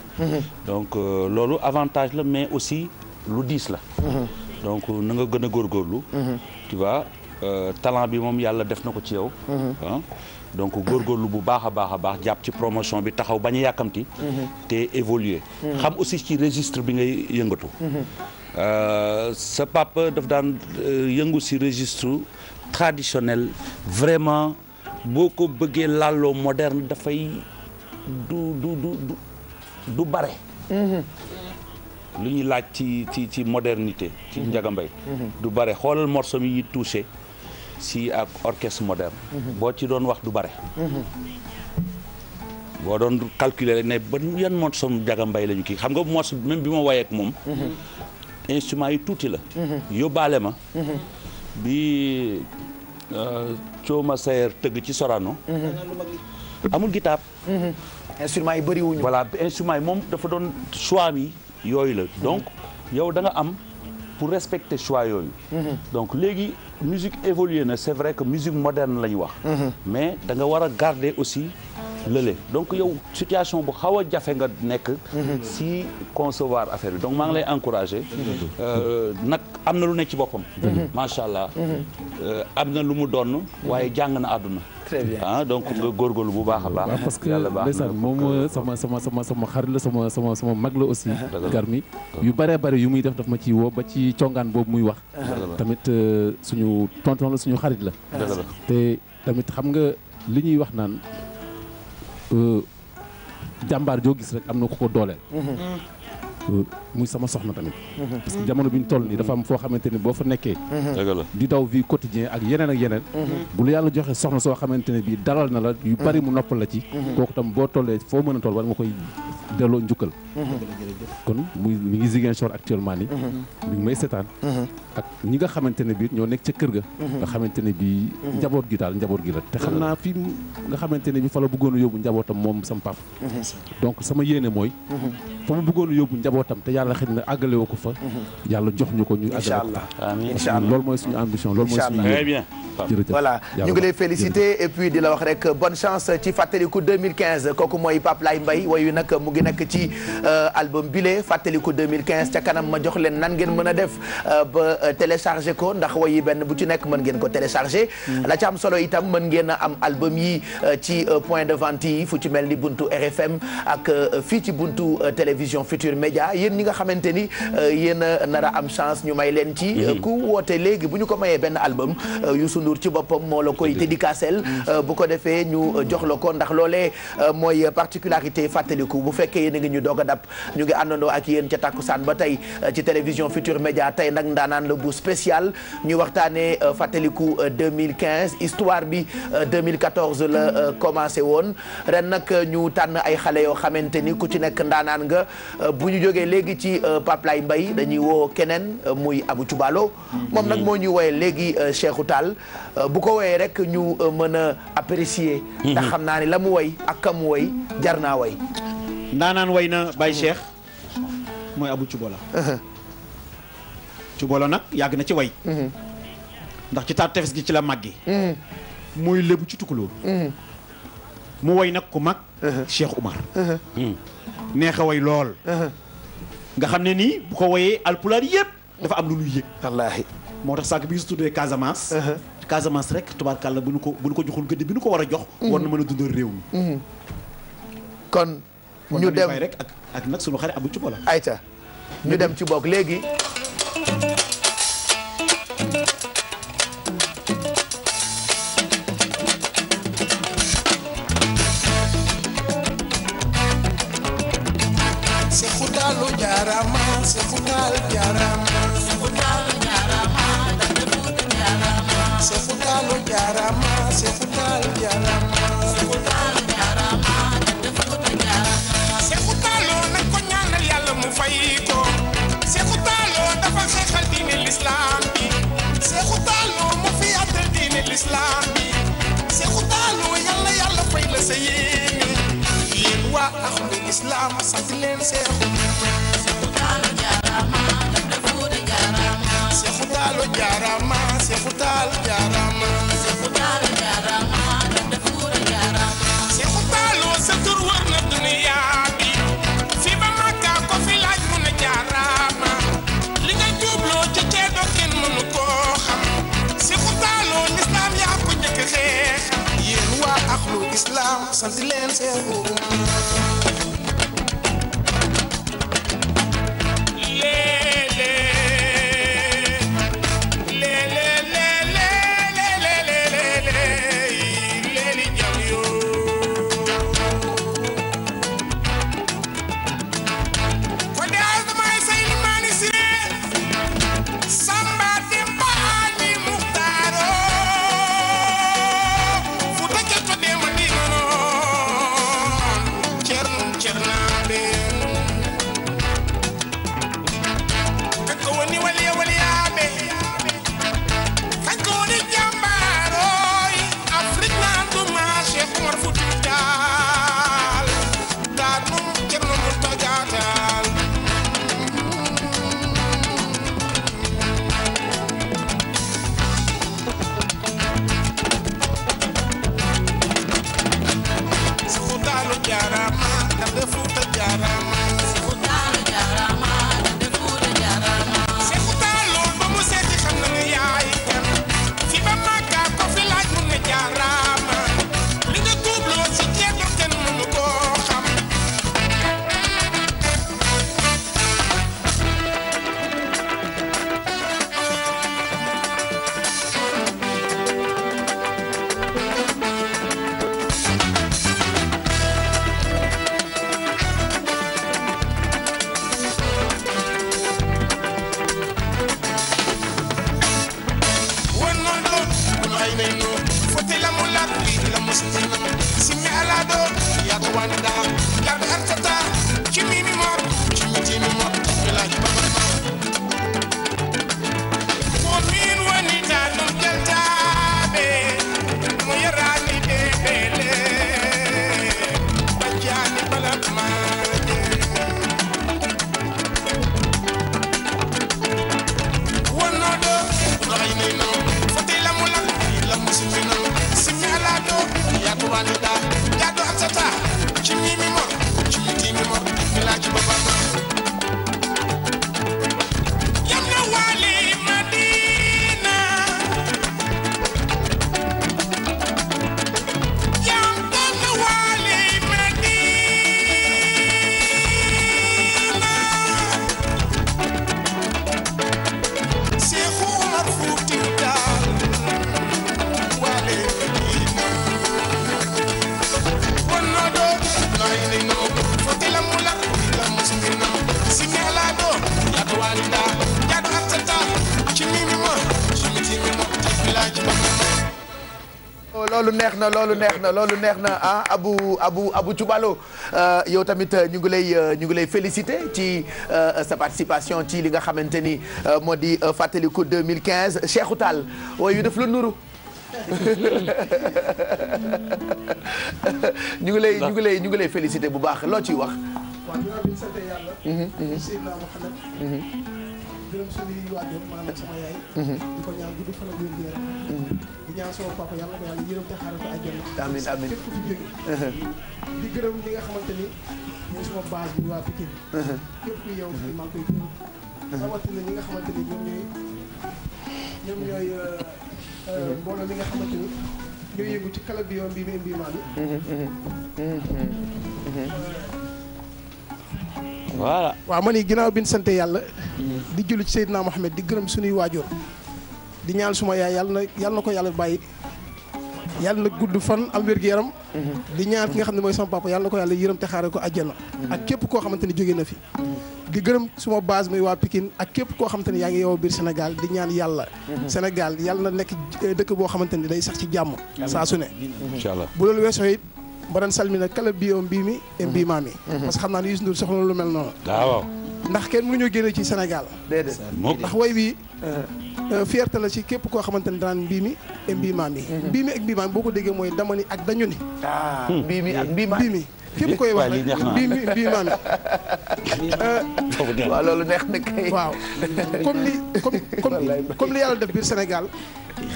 donc euh, loolu avantage la mais aussi lu diis la. donc na nga gën a góorgóorlu. Euh, talent bi moom yàlla def na ko ci yow. Mhm. Ah. donc góorgóorlu bu baax a baax a baax jàpp ci promotion bi taxaw bañ a yàkkamti. Mhm. te évoluer. Mhm. xam aussi ci régistre bi ngay yëngatu. Euh, sa papa daf daan euh, yëngu si registre traditionnel vraiment boo ko bëggee làlloo moderne dafay du du du du du bare. lu ñuy laaj ci ci ci modernité. ci njagambay du bare xoolal morceau yi touché. si ak orchestre moderne. Mhm. boo ci doon wax du bare. Mhm. boo doon calculer rek ne ba yan morceau Ndiaga Mbaye la ñu kii xam nga morceau même bi ma woyee ak moom. Mhm. instrument yi tuuti la. yóbbaale ma. bi Cooma euh, Sayer tëgg ci Sorano. amul guitare. instrument yi bëri wuñu. voilà instrument yi moom dafa doon choix mi yooyu la. donc yow da am pour respecter choix yooyu. donc léegi musique évoluée na c'est vrai que musique moderne la ñu wax mm-hmm. mais da nga war a garder aussi ah. lële donc yow situation bu xaw a jafe nga nekk si concevoir affaire bi donc maa ngi lay encouragé euh, nag am na lu nekk ci boppam macha allah euh, am na lu mu donn waaye jàng na àdduna très ah, donc nga góorgóorlu bu baax a baax. Ah, parce que ndeysaan moom sama sama sama sama xarit la sama sama sama mag la aussi. garmi ah. yu bëree bëri yu muy def daf ma ciy woo ba ci congaan boobu muy wax. tamit euh, suñu tonton la suñu xarit la. te tamit xam nga li ñuy wax naan. Euh, jàmbaar joo gis rek am na ku ko dooleel. Euh, muy sama soxna tamit. parce que jamono bi ñu toll nii dafa am foo xamante ni boo fa nekkee. di daw vie quotidien ak yeneen ak yeneen. Mhm. bu la yàlla joxe soxna soo xamante ne bii dalal na la. yu bari mu noppal la ci. Mhm. kooku tam boo tollee foo mën a toll war nga koy. delloo njukkal. Mhm. kon muy mi ngi Ziguinchor actuellement nii. Mhm. mi ngi may seetaan. Mhm. ak ñi nga xamante ne bii ñoo nekk ca kër ga. nga xamante ne bii. njaboot gi daal njaboot gi la te xam naa fi nga xamante ne bii fa la bëggoon a yóbbu njabootam moom sam pap donc sama yéene mooy. fa mu bëggoon a yóbbu njabootam te yàlla xëy na àggale ko fa. yàlla jox ñu ko ñu. incha allah incha loolu mooy suñu ambition loolu mooy suñu yéene. ñu ngi lay féliciter et puis di la wax rek bonne chance ci fàttaliku kooku mooy Pape Laye Mbaye wayu nag mu ngi nekk ci euh, album bile fàttali ko 2015 ca kanam ma jox leen nan ngeen mën a def euh, ba euh, téléchargé ko ndax wayi benn bu ci nekk mën ngeen ko téléchargé mm. la ca am solo itam mën ngeen a am album yi ci point de vente yi fu ci mel ni buntu RFM ak fii ci buntu télévision Futur Média yéen ñi nga xamante ni yéen a nar am chance ñu may leen ci mm. ku woote léegi bu ñu ko mayee benn album yu Ndour ci boppam moo la koy dédicacel bu ko defee ñu jox la ko ndax loole mooy particularité bu fekkee fekkee a ngi ñu doog a dab ñu ngi àndandoo ak yéen ca saan ba tey euh, ci télévision Futur Média tey nag ndaanaan la bu spécial ñu waxtaanee euh, fàttaliku 2015 euh, histoire bi 2014 la commencé woon ren nag ñu tànn ay xale yoo xamante ni ku ci nekk ndaanaan nga bu ñu jógee léegi ci Pape Lay Mbaye dañuy woo keneen muy Abou Thioubalo moom nag moo ñu woowee léegi Cheikhou Tall bu ko woowee rek ñu mën a apprécier mm-hmm. ndax xam naa ni la mu woy ak ka mu woy jar naa woy ndaanaan way na Baye Cheikh mooy Abu Cubola Cubola nag yàgg na ci way ndax ci taatu tefes gi ci la mag gi mooy lébu ci tukulóor mu way nag ku mag Cheikh Oumar neex a way lool nga xam ne nii bu ko woyee alpulaar yëpp dafa am lu ñuy yëg moo tax sànq bi ñu si tuddee Casamance uh-huh. Casamance rek tubaarkàlla bu ñu ko bu ñu ko joxul gëdd bi ñu ko war a jox uh-huh. war na mën a dundal réew mi uh-huh. ñu dem rek ak ak nag sunu xare abu ci bola ayca dem ci bokk léegi. l'islam bi Seexu Taalu mu fi atal diini l'islam bi Seexu Taalu yàlla yàlla fay la sa yéene yéen waa axlu islam sant leen Seexu Seexu Taalu jaarama daf dafuude jaarama Seexu Taalu jaarama Seexu Taalu jaarama sant leen seen na loolu neex na loolu neex na ah Abu Abu Abu Thioubalo euh, yow tamit euh, ñu ngi lay euh, ñu ngi lay féliciter ci sa participation ci li nga xamante ni moo di fàttaliku 2015 Cheikhou Tall waaye yu def lu nuru. ñu ngi lay ñu ngi lay ñu ngi lay féliciter bu baax loo ciy wax. ñaan sama papa yàlla ko yàlla yërëm te xaaral ko àjjana amiin amiin képp ku jóge di gërëm li nga xamante ni mooy suma base bi waa Pikine uh-huh. képp ku yow fii uh-huh. maa ngi koy uh-huh. nga xamante ni ñoom ñooy uh, uh, mi nga xamante ni ñooy yëngu ci kala bi yoon mbii mi mbii maa voilà yi ginnaaw bi ñu sant yàlla di julli ci naa Mohamed di gërëm suñuy waajur di ñaan suma yaay yàlla na yàlla ko yàlla bàyyi yàlla na gudd fan am wér gu yaram mm-hmm. di ñaan ki nga xam ne mooy sama papa yàlla na ko yàlla yërëm te xaare ko àjjana mm-hmm. ak képp koo xamante ne jóge na fi di gërëm suma baas muy waa Pikine ak képp koo xamante ne yaa ngi yow biir Sénégal di ñaan yàlla mm-hmm. Sénégal yàlla na nekk eh, dëkk boo xamante ne day sax ci jàmm saa su ne inchallah bu loolu weesoo it mbaɗan salmina kala mbiyo mbimi mi e mbimami parce que xam naa ne Youssou Ndour soxla lu mel noonu waaw ndax kenn mënuñoo ci Sénégal ndax way Euh, fierté la si képp koo xamante ne daan mbii mi et mbii mhm. ak mbii maa boo ko déggee mooy dama ni ak dañu ni ah. hmm. mbii mi ak mbii maa mi képp koy wax rek mbii mi mbii maa waaw loolu neex na kay waaw comme li comme comme li yàlla def biir Sénégal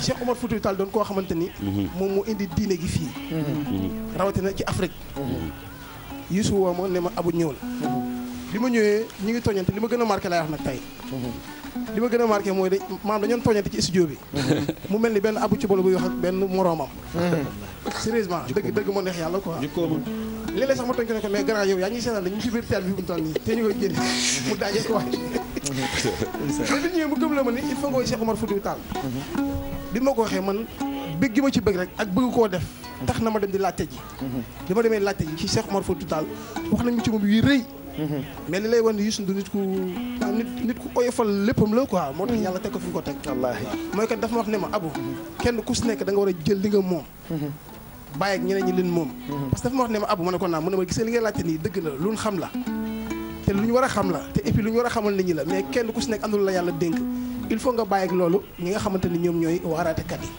Cheikh Omar Foutiyou Tall doon koo xamante ni mhm. moom moo indi diine gi fii mhm. rawatina ci Afrique Youssou woo ma ne ma abu ñëw la bi ma ñëwee ñu ngi tooñante li ma gën a marqué lay wax nag tey li ma gën a marqué mooy da maam dañoon tooñante ci studio bi mu mel ni benn abu ci bolo buy wax ak benn moroomam sérieusement dëgg dëgg moo neex yàlla quoi léeg-léeg sax ma tooñ ko ko mais grand yow yaa ngi seetaan dañu ci biir teel bi bu mu toll nii te ko waay mais bi la ma ni il faut nga Cheikh Omar Foutiyou Tall mhm. bi ma ko waxee man bëgg ma ci bëgg rek ak bëgg koo def tax na ma dem di laajte ji li mhm. ma demee laajte ji ci Cheikh Omar Foutiyou Tall wax nañu ci moom yu rëy mais li lay wan Youssou Ndour nit ku ah, nit nit ku oyofal léppam la quoi moo tax yàlla teg ko fi mu ko teg mooy kat dafa ma wax ne ma abu kenn ku si nekk da war a jël li nga moom bàyyi ak ñeneen ñi leen moom parce que ko naa mu ne ma gisee li ngay laajte la lu ñu xam la te lu ñu xam la lu ñu war a xamal nit ñi la mais kenn ku si nekk andul la yàlla dénk il faut nga bàyyi ak loolu ñi nga xamante ni ñoom ñooy waaraatekat yi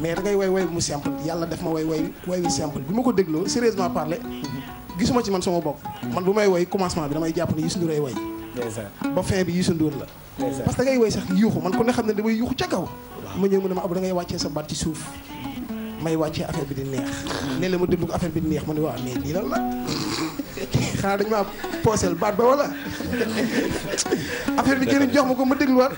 mais da ngay way way mu simple yàlla def ma way way way simple bi ma ko dégloo sérieusement parler gisuma ci man sama bopp man bu may woy commencement bi damay jàpp ne Youssou ay woy ba fin bi Youssou la parce que da ngay woy sax yuuxu man ku ne xam ne damay yuuxu ca kaw ma ñëw mu ne abu da ngay wàccee sa baat ci suuf may wàccee affaire bi di neex nee la ma déglu ko affaire bi di neex ma ne waaw mais lii lan la xanaa dañ maa pooseel baat ba wala affaire bi gën a jox ma ko ma dégluwaat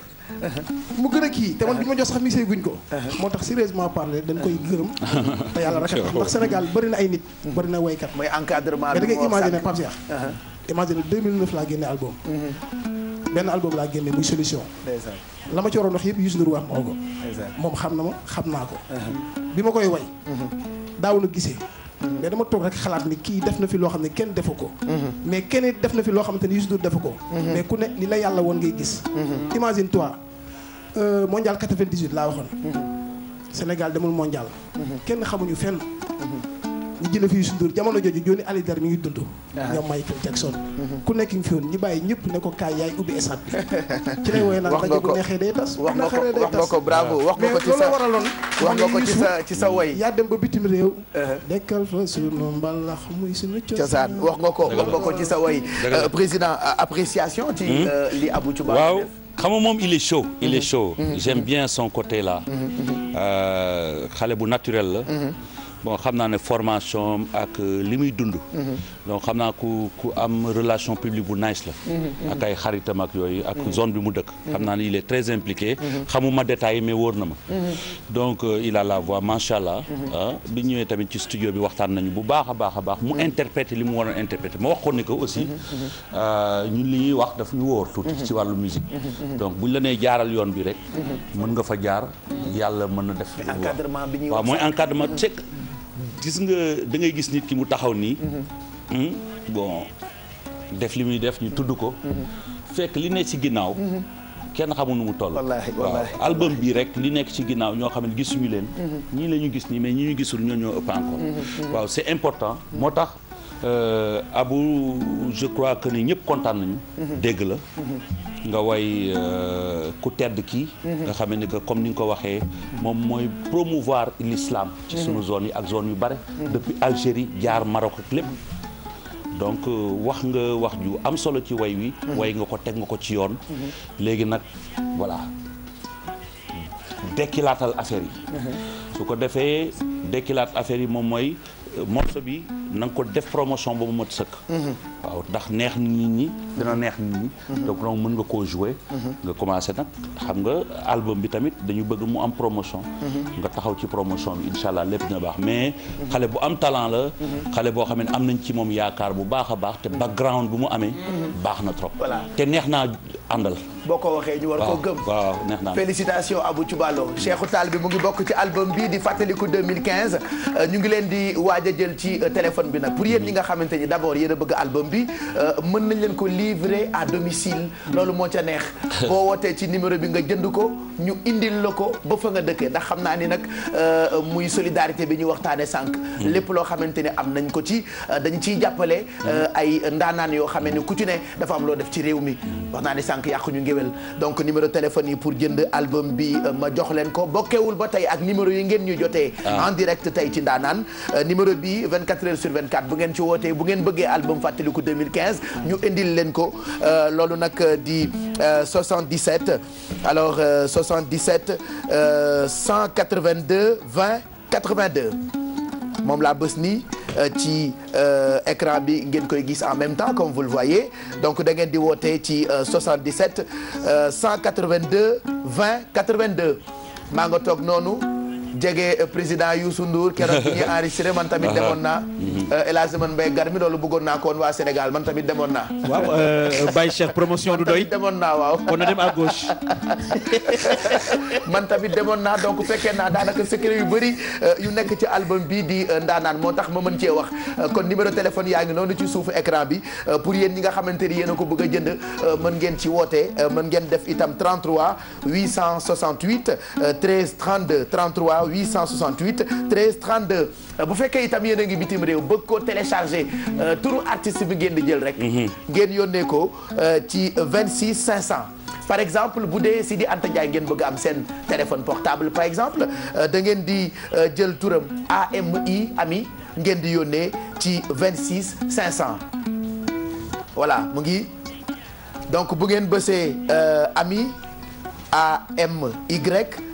mu gën a kii te man bi ma jox sax misee guñ ko moo tax sérieusement parler dañ koy gërëm te yàlla rek ndax Sénégal bëri na ay nit bëri na waykat mooy encadrement mais da ngay imaginer Pape Cheikh uh-huh. imaginer 2009 laa génne album uh-huh. benn album laa génne muy solution la ma ci ndox wax yëpp Youssou Ndour wax ma ko moom xam na ma xam naa ko uh-huh. bi ma koy way daaw na gisee mais dama toog rek xalaat ni kii def na fi loo xam ne kenn defu ko mhm. mais kenn def na fi loo xamante ni Youssou Ndour defu ko mhm. mais ku ne li la yàlla woon ngay gis mhm. imagine toi euh, mondial 98 laa waxoon Sénégal demul mondial kenn xamuñu fenn ñu jamono jooju jooni Ali mi ngi dund ah. ñoom Michael Jackson mm-hmm. ku nekk ngi bàyyi ñëpp ne ko bi ci lay woy naan rajo bu neexee day tas wax nga ko bravo ah. wax ci sa waraloon wax nga ko ci sa ci sa woy yaa dem ba bitim réew uh-huh. dekkal fa sunu wax nga ko wax nga ko ci sa woy euh, président euh, appréciation ci hmm? euh, li abu Touba waaw xam nga moom il est chaud il est hmm. chaud hmm. bien son côté là xale bu naturel la bon xam naa ne formation ak euh, li muy dund. Mhm. donc xam naa ku ku am relation publique bu nice la. Mhm, mhm. ak ay xaritam ak yooyu ak zone bi mu dëkk. xam naa ne il est très impliqué. xamuma détail mais wóor na ma. donc euh, il a la voix macha allah. Ah, bi ñëwee tamit ci studio bi waxtaan nañu bu baax a baax a baax. mu interprété li mu waroon interprété ma wax ko ni ko aussi. Euh, ñun li ñuy wax daf ñu wóor tuuti. si wàllu musique. donc buñ la nee jaaral yoon bi rek. mën nga fa jaar. yàlla mën def. gis nga da ngay gis nit ki mu taxaw nii. Hmm? bon def li muy def ñu tudd ko. fekk li ne ci ginnaaw. kenn xamul nu mu toll. wallaahi wallaahi album bi rek li nekk ci ginnaaw ñoo xam ne gisuñu leen. Hmm. ñii la ñu gis nii mais ñi ñu gisul ñoo ñoo ëpp hmm. waaw c'est important moo tax. Euh, abu je crois que ni ñëpp kontaan nañu. Mhm. dégg la. Mhm. nga way euh, ku tedd kii. Mhm. nga xam ne que comme ni nga ko waxee. moom mooy promouvoir l'islam ci suñu zone yi ak zone yu bare. depuis Algérie jaar Maroc ak lépp. donc euh, wax nga wax ju am solo ci way wi. way nga ko teg nga ko ci yoon. léegi nag voilà dekkilaatal affaire yi. su ko defee dekkilaat affaire yi moom mooy morceau bi. na nga ko def promotion ba mu mot sëkk mhm. waaw ndax neex na nit ñi dina neex nit ñi mhm. donc donc mën nga koo jouer mhm. nga commencé nag xam nga album bi tamit dañu bëgg mu am promotion mhm. nga taxaw ci promotion bi incha allah lépp dina baax mais xale bu am talent la xale boo xam ne am nañ ci moom yaakaar bu baax a baax te background bu mu amee baax na trop te neex naa àndal boo ko waxee ñu war koo gëm waaw neex naa félicitation Abou Thioubalo bi mu ngi bokk ci album bii di fàttaliku euh, ñu ngi leen di waaj a jël euh, a bi euh, mën nañ leen ko livrer à domicile loolu moo ca neex boo wootee ci numéro bi nga jënd ko ñu indil la ko ba fa nga dëkkee ndax xam naa ni nag euh, muy solidarité bi ñu waxtaanee sànq hmm. lépp loo xamante ni am nañ ko ci euh, dañ ciy jàppale hmm. ay ndaanaan yoo xamee ne ku ci ne dafa am loo def ci réew mi hmm. wax naa ni sànq yàqu ñu ngéwél donc numéro téléphone yi pour jënd album bi ma jox leen ko bokkewul ba tey ak numéro yi ngeen ñu jotee ah. en direct tey ci ndaanaan numéro bi 24 heures sur 2015 ñu indil leen ko euh, loolu nag di 77 euh, alors 77 182 20 82 moom laa bës nii euh, ci écran bi ngeen koy gis en même temps comme vous le voyez donc da ngeen di woote ci 77 182 20 82 maa nga toog noonu jege eh, président yu Ndour keroog bi ñuy man tamit demoon naa. Eh, El Hadj Man Mbaye Garmi loolu bëggoon naa ko woon waa Sénégal man tamit demoon naa. waaw euh, Baye Cheikh promotion du doy. demoon naa waaw. kon na dem à gauche. man tamit demoon naa donc fekkee naa daanaka secret yu bëri euh, yu nekk ci album bi di euh, ndaanaan moo tax ma mën cee wax kon numéro téléphone yaa ngi noonu ci suufu écran bi pour yéen ñi nga xamante ni yéen a ko bëgg a jënd mën ngeen ci woote man ngeen def itam 33 868 13 32 868 13 32 bu fekkee itam yéen a ngi bitim réew bëgg koo téléchargé euh, turu artiste bi ngeen di jël rek. Mhm. ngeen yónnee ko euh, ci 26 500. par exemple bu dee Sidi Anta Ndiaye ngeen bëgg am seen téléphone portable par exemple euh, da ngeen di jël turam AMI ami ngeen di yónnee ci 26 500 voilà mu ngi donc bu ngeen bësee ami. AMY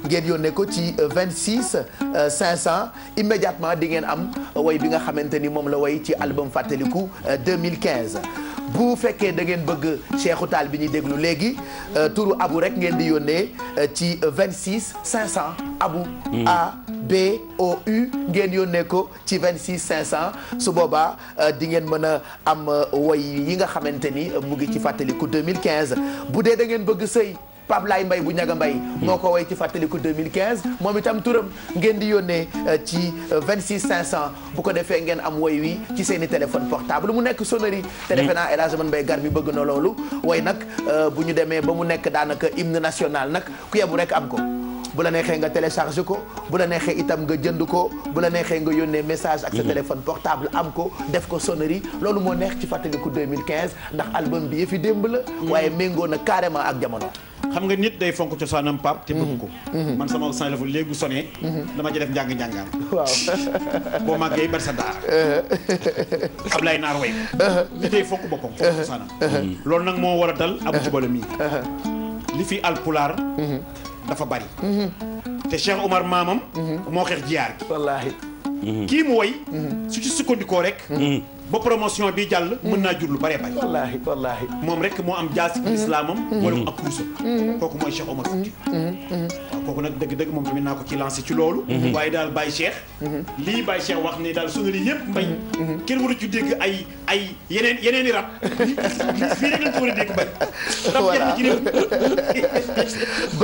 ngeen yónnee ko ci 26 euh, 500 euh, immédiatement di ngeen am euh, woy bi nga xamante ni moom la woy ci album fàttaliku 2015 bu fekkee da ngeen bëgg Cheikhou taal bi ñuy déglu léegi turu abu rek ngeen di yónnee ci 26 500 abu hmm. a b ngeen yónnee ko ci 26 500 su boobaa di ngeen mën a am way yi nga xamante ni mu ngi ci fàttaliku 2015 bu dee da ngeen bëgg sëy Pape Laay Mbay bu ñaga Mbay moo ko woy ci fàttaliku 2015 moom itam turam ngeen di yónnee euh, ci vingt 26 500 bu ko defee ngeen am woy wii ci seen i téléphone portable mu nekk sonnerie téléphone El Hadj mbay gar mi bëgg na loolu woy nag euh, bu ñu demee ba mu nekk daanaka hymne national nag ku yebu rek am ko bu la neexee nga télécharge ko bu la neexee itam nga jënd ko bu la neexee nga yónnee message ak sa mhm. téléphone portable am ko def ko sonnerie loolu moo neex ci fàttaliku 2015 ndax album bi yëfi démb la mhm. waaye méngoo na carrément ak jamono xam nga nit day fonk cosaanam pap te bëgg ko mhm. man sama san lafu léegi sonné dama ci def njàng waaw boo màggee bar sa daar uh-huh. Ablaye Naar way uh-huh. nit day fonk uh-huh. loolu nag moo war a dal Abdou Djibala mii li fi alpulaar dafa bari mhm. te Cheikh Omar maamam mhm. moo xeex jiyaar gi wallaahi mhm. kii mu woy su ci sukkandikoo rek ba promotion bi jàll mën naa jur lu bare bari wallaahi wallaahi moom rek moo am jaasi islaamam wala mu ak kooku mooy Cheikh Omar Fouti kooku nag dëgg-dëgg moom tamit naa ko ci lancé ci loolu mhm. waaye daal Baye Cheikh mhm. lii Baye Cheikh wax ni daal sonal yi yëpp mbay mhm. kenn waru ci dégg ay ay yeneen yeneen i rab fii rek lañ ko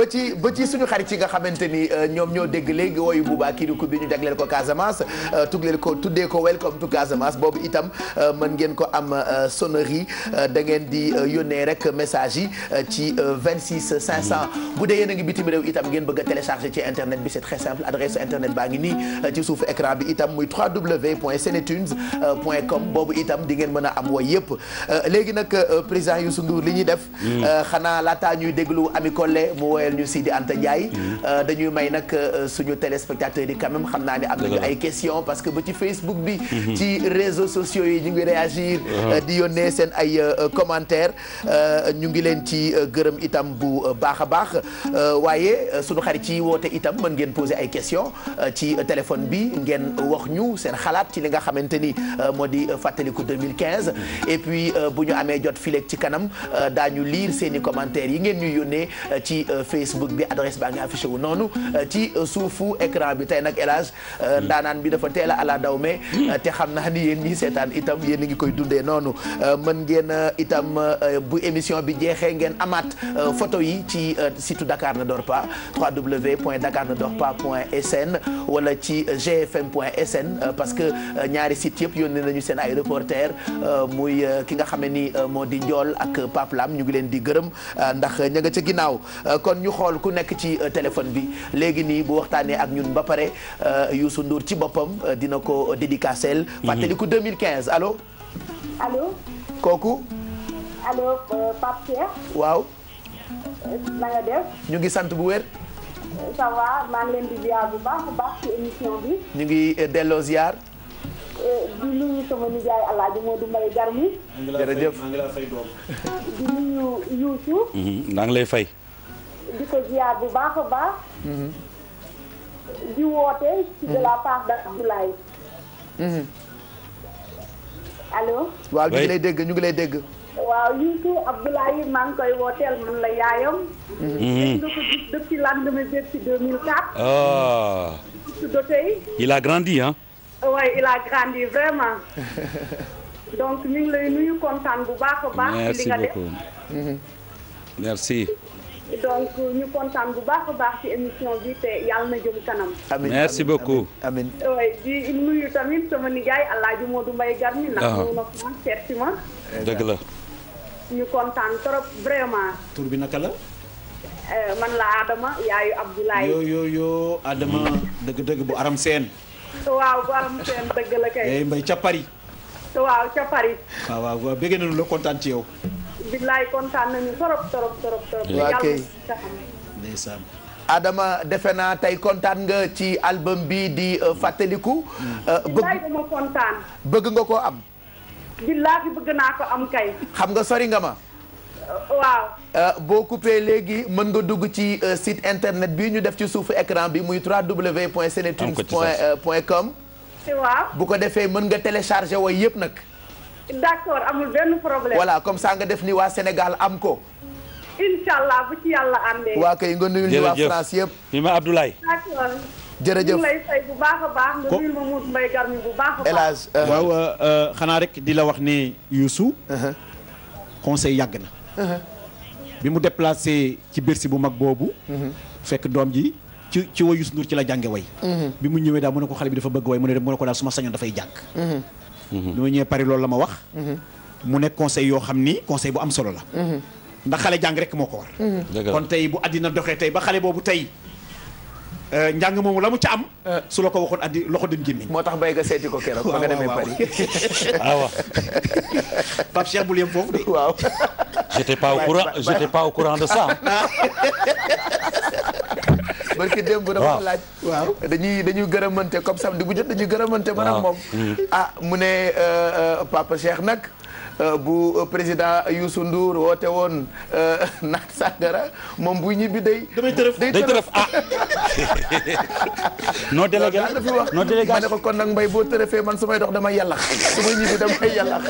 ci réew ci suñu xarit yi nga xamante ni euh, ñoom ñoo dégg léegi woyu buubaa kii dukub bi ñu jagleel ko Casamance euh, tugleel ko tuddee ko welcome to Casamance boobu itam euh, mën ngeen ko am sonnerie da ngeen di yónnee rek message yi ci 26 500 bu dee yéen a ngi bitim réew itam ngeen bëgg a télécharger ci internet bi c'est très simple adresse internet baa ngi nii euh, ci suufu écran bi itam muy www.senetunes.com euh, boobu itam di ngeen mën a am woy yëpp euh, léegi nag président Youssou Ndour li ñuy def mm. xanaa laataa ñuy déglu Ami Collé mu woyal ñu Sidi Anta mm. dañuy may nag suñu téléspectateurs yi quand xam naa ne am nañu ay questions parce que ba ci Facebook bi mm-hmm. ci réseaux sociaux yi ñu ngi réagir uh-huh. di yónnee seen ay commentaires ñu ngi leen ci sunu xarit ci woote itam mën ngeen poser ay question euh, ci téléphone bi ngeen wax ñu seen xalaat ci li nga xamante ni euh, moo di euh, fàttaliku 2015 et puis bu ñu amee jot fileek ci kanam daañu liir seeni i yi ngeen ñu yónnee ci Facebook bi adresse baa ngi affiché wu noonu ci suufu écran bi tey nag El Hadj hmm. ndaanaan bi dafa teel a ala daw me te xam naa ni yéen ñi seetaan itam yéen a ngi koy dundee noonu mën ngeen itam bu émission bi jeexee ngeen amaat photo yi ci site Dakar www.dakarnedortpas.sn wala ci gfm.sn euh, parce que euh, ñaari site yëpp yónnee nañu seen ay reporter euh, muy ki nga xam ne ni moo di Ndiol ak Pape Lam ñu ngi leen di gërëm ndax ña nga ca ginnaaw kon ñu xool ku nekk ci téléphone bi léegi nii bu waxtaanee ak ñun ba pare Youssou Ndour ci boppam dina ko dédicacel mhm. fàttaliku 2015 allo. allo. kooku. allo Pape Pierre. waaw. na nga def. ñu ngi sant bu wér. ça va maa ngi leen di ziar bu baax bu baax ci bi. ñu ngi eh, delloo ziar. Eh, di nuyu sama nijaay Alaaji Modou Mbaye Garmi. jërëjëf maa ngi lay fay doom. di nuyu mm-hmm. ngi lay fay. di ko ziar bu baax a baax. Mm-hmm. di woote. ci de la mm-hmm. part de Abdoulaye. allo. waaw ñu ngi lay dégg ñu ngi lay dégg. waaw Youssou Abdoulaye maa ngi koy wooteel man la yaayam. Mhm. dégg nga ko gis depuis lendemain depuis 2004. ah. surtout tey. il a grandi hein. oui il a grandi vraiment. donc ñu ngi lay nuyu kontaan bu baax a baax. merci li nga mhm. merci. donc ñu kontaan bu baax a baax ci émission bi te yàlla na jëm kanam. amiin merci beaucoup amiin. di nuyu tamit sama nijaay El Hadj Modou Mbaye Garmi. ndax ah. ñëw na ko seet si ma. dëgg la. ñu kontaan trop vraiment. tur bi naka la. Euh, man la Adama yaayu Abdoulaye. yoo yoo yoo Adama dëgg-dëgg bu aram seen. waaw bu aram seen dëgg la kay. Eh, mbay ca Paris. waaw ca Paris. waaw waaw waaw bëgg nañu la kontaan ci yow. billaay kontaan nañu trop trop trop trop. waaw kay ndeysaan. Adama defe naa tey kontaan nga ci album bi di euh, fàttaliku. Mm. Euh, bëgg dama kontaan. bëgg nga koo am. billaahi bëgg naa ko am kay. xam nga sori nga ma. Euh, waaw. Euh, boo coupé léegi mën nga dugg ci euh, site internet bi ñu def ci suufu ecran bi muy www.senetunes.com. waaw bu ko defee mën nga télécharger way yëpp nag. d'accord amul benn problème. voilà comme saa nga def ni waa Sénégal am ko. incha allah bu ci yàlla àndee. waa kay nga nuyul ni waa France yëpp. ni ma Abdoulaye. jërëjëf ñu lay a a baax. Euh, waaw euh, euh, xanaa rek di la wax ne Youssou. Uh-huh. conseil yàgg na. Uh-huh. bi mu déplacé ci Bercy bu mag boobu. Uh-huh. fekk doom ji ci ci woy Youssou ci la jànge way bi mu ñëwee daal mu ne ko xale bi dafa bëgg way mu ne daal su ma sañoon dafay jàng. bi ñëwee Paris loolu la ma wax. mu nekk conseil yoo xam ni conseil bu am solo la. ndax xale jàng rek moo ko war. kon tey bu àddina doxee tey ba xale boobu tey. Euh, njàng moomu la mu ca am. Euh. su la ko waxoon addi loxo dem gémmiñ. moo tax bay nga seeti ko keroog. waaw waaw ba nga demee Paris. Ah, ah, waaw Pape Cheikh bul yem foofu de. waaw. j'étais pas au courant de ça. barki démb bu dama laaj waaw dañuy dañuy gërëmante comme samedi bu jot dañuy gërëmante man ak ah. moom mm. ah mu ne euh, Papa Cheikh nag Euh, bu euh, président Youssou Ndour woote woon euh, naat sàngara moom buy ñibbi day. damay tërëf a tërëf ah. noo délégué la daal fi wax noo délégué ma ne ko kon nag mbay boo tërëfee man su may dox dama yàllax su may ñibbi damay yàllax.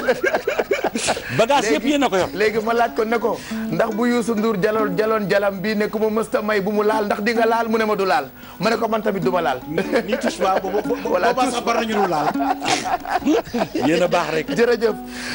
bagage yëpp yéen a ko yor léegi ma laaj ko ne ko ndax bu Youssou Ndour jaloon jaloon jalam bii ne ku ma mësta may bu mu laal ndax di nga laal mu ne ma du laal ma ne ko man tamit du ma laal. ni touche ba booba booba sax bar a baax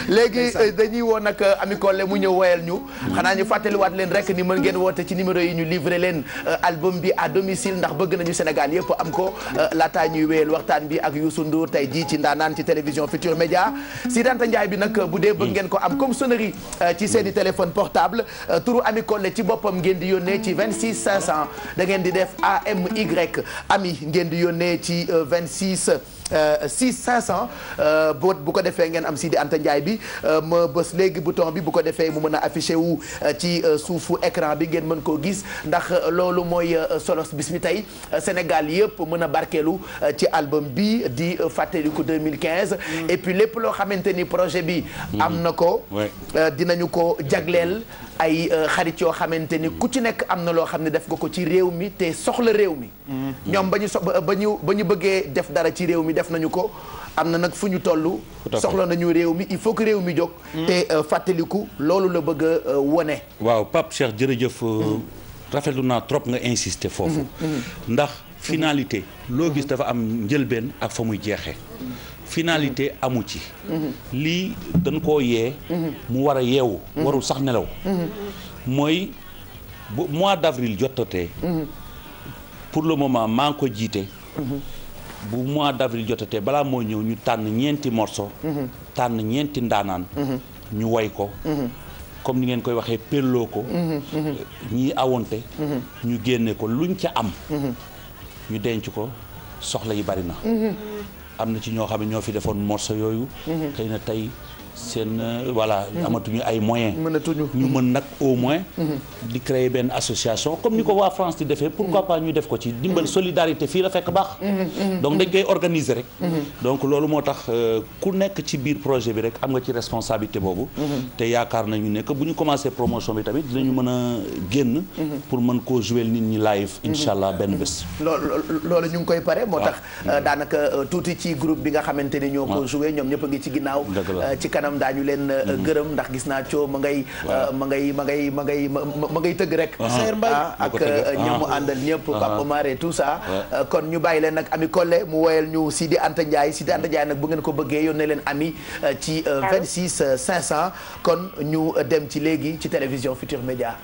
léegi. dañuy dañuy woo nag euh, Ami Collé mu ñëw woyal ñu mm. xanaa ñu fàttaliwaat leen rek ni mën ngeen woote ci numéro yi ñu livré leen euh, album bi à domicile ndax bëgg nañu Sénégal yëpp am ko euh, laataa ñuy wéyal waxtaan bi ak Youssou Ndour tey jii ci ndaanaan ci télévision Futur Média Sidanta Ndiaye bi nag bu dee bëgg mm. ngeen ko am comme sonnerie ci seen i téléphone portable turu Ami Collé ci boppam ngeen di yónnee ci 26 500 da ngeen di def AMY ami ngeen di yónnee ci 26 6 500 boo bu ko defee ngeen am Sidi Anta Ndiaye bi euh, ma bës léegi bouton bi bu ko defee mu mën a affiché wu euh, ci euh, suufu écran bi ngeen mën koo gis ndax loolu mooy solos bis bi tey Sénégal yëpp mën a barkeelu ci album bi di fàttaliku 2015. Mm. et puis lépp loo xamante ni projet bi. am na ko. Mm. dinañu ko jagleel. Mm. ay euh, xarit yoo xamante ni mm. ku ci nekk am na loo xam ne def nga ko ci réew mi te soxla réew mi. Mm-hmm. ñoom ba ñu so ba ñu ba ñu bëggee def dara ci réew mi def nañu ko am na nag fu ñu toll. soxla nañu réew mi il faut que réew mi jóg. Mm. te euh, fàttaliku loolu la bëgg a euh, wone. waaw Pape Cheikh jërëjëf. Mm-hmm. rafetlu naa trop nga insister foofu. Mm-hmm. ndax finalité. loo gis dafa am njëlbeen ak fa muy jeexee. finalité amu ci mhm. lii dañ koo yee mhm. mu war a yeewu mhm. warul sax nelaw mooy bu mois d'avril jotatee pour le moment maa ngi ko jiite bu mois d'avril jotatee balaa moo ñëw ñu tànn ñeenti morceau tànn ñeenti ndaanaan ñu woy ko comme ni ngeen koy waxee pelloo ko ñii awonte ñu génne ko luñ ca am ñu denc ko soxla yi bari na am na ci ñoo xam ne ñoo fi defoon morceau yooyu. Mhm. xëy na tey seen euh, voilà amatuñu ay moyens mënatuñu ñu mën nag au moins mhm. di créer benn association comme ni ko waa France di defee pourquoi mhm. pas ñu def ko ci dimbal mhm. solidarité fii la fekk baax donc dañ koy organiser rek donc loolu moo tax euh, ku nekk ci biir projet bi rek am nga ci responsabilité boobu te yaakaar nañu ne bu ñu commencé promotion bi tamit dinañu mën a génn pour mën ko jouer nit ñi live incha allah benn bés loolu ñu ngi koy pare moo ah. tax euh, daanaka tuuti ci groupe bi ni ñoo ko jouer ñoom kanam daañu leen euh, mhm. gërëm ndax gis naa coo euh, ma ngay ma ngay ma ngay ma ngay ma ngay tëgg rek Sayer Mbaye ah, ak euh, mu àndal ñëpp Pape Omar et tout ça kon ñu bàyyi leen nag Ami Collé mu woyal ñu di Anta Ndiaye Sidi Anta Ndiaye nag bu ngeen ko bëggee yónnee leen Ami ci 26 500 kon ñu dem ci léegi ci télévision Futur Média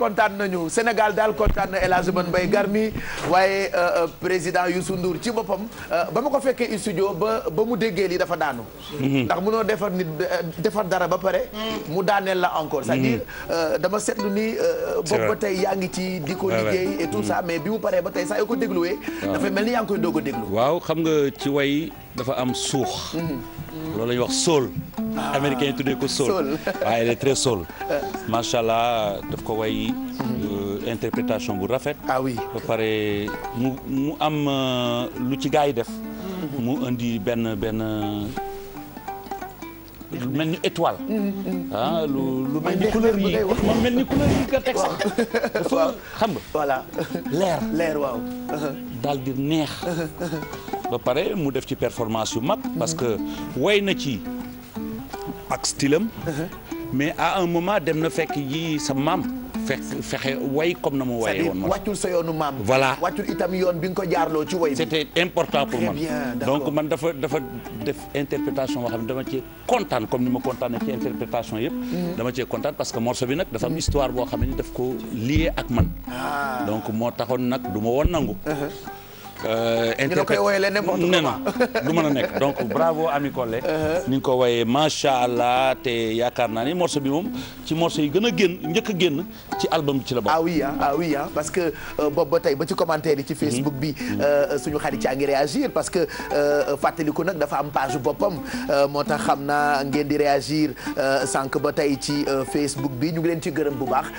kontaan nañu Sénégal daal kontaan na El Hadj Mbaye Garmi waaye euh, euh, président Youssou Ndour ci boppam euh, ba ma ko fekkee studio ba ba mu déggee lii dafa daanu. Mhm. ndax munoo defar nit defar dara ba pare. Mhm. mu daaneel la encore. c'est-à-dire mhm. dama seetlu ni. boobu ba tey yaa ngi ci di ko liggéey. et tout ça mais bi mu paree ba tey sax yoo ko dégluwee. dafay mel ni yaa ngi koy doog a déglu. waaw xam nga ci way dafa am suux. loolu la ñuy wax soul. Ah. américain yi tuddee ko soul. waaye elle macha allah ko way euh, interprétation bu rafet ah oui ba pare mu am euh, lu ci gars yi def mu indi benn benn lu mel ni étoile. Ah, lu mel ni couleur yi lu mel ni couleur yi nga teg sax. dafa xam nga. voilà leer leer waaw. daal di neex. ba pare mu def ci performance yu mag. parce que way na ci ak uh-huh. mais à un moment dem na fekk yi sa maam. fexe fexe way comme na mu wayee woon. wàccul sa yoonu maam. voilà itam yoon bi nga ko jaarloo ci way bi. c'était important pour man donc man dafa def interprétation boo xam ne dama ci kontaan comme ni ma kontaanee ci interprétation yëpp. Mhm. dama cee kontaan parce que morceau bi nag dafa am histoire boo xam ne daf ko lié ak man. Ah. donc moo taxoon nag du ma woon nangu. Uh-huh. Euh, ñu la koy woyalee n'importe comment du mën a nekk donc bravo ami Collé. Uh-huh. ni nga ko woyee macha allah te yaakaar naa ni morceau bi moom ci morceau yi gën a génn njëkk a génn ci album bi ci la bokk. ah, ah, ah, ah parce que euh, boobu ba tey ba ci commentaire yi ci Facebook bi. Mm-hmm. Euh, suñu xarit yaa ngi réagir parce que fàttaliku nag dafa am page boppam moo tax xam naa ngeen di réagir sànq ba tey ci Facebook bi ñu ngi leen ci gërëm bu baax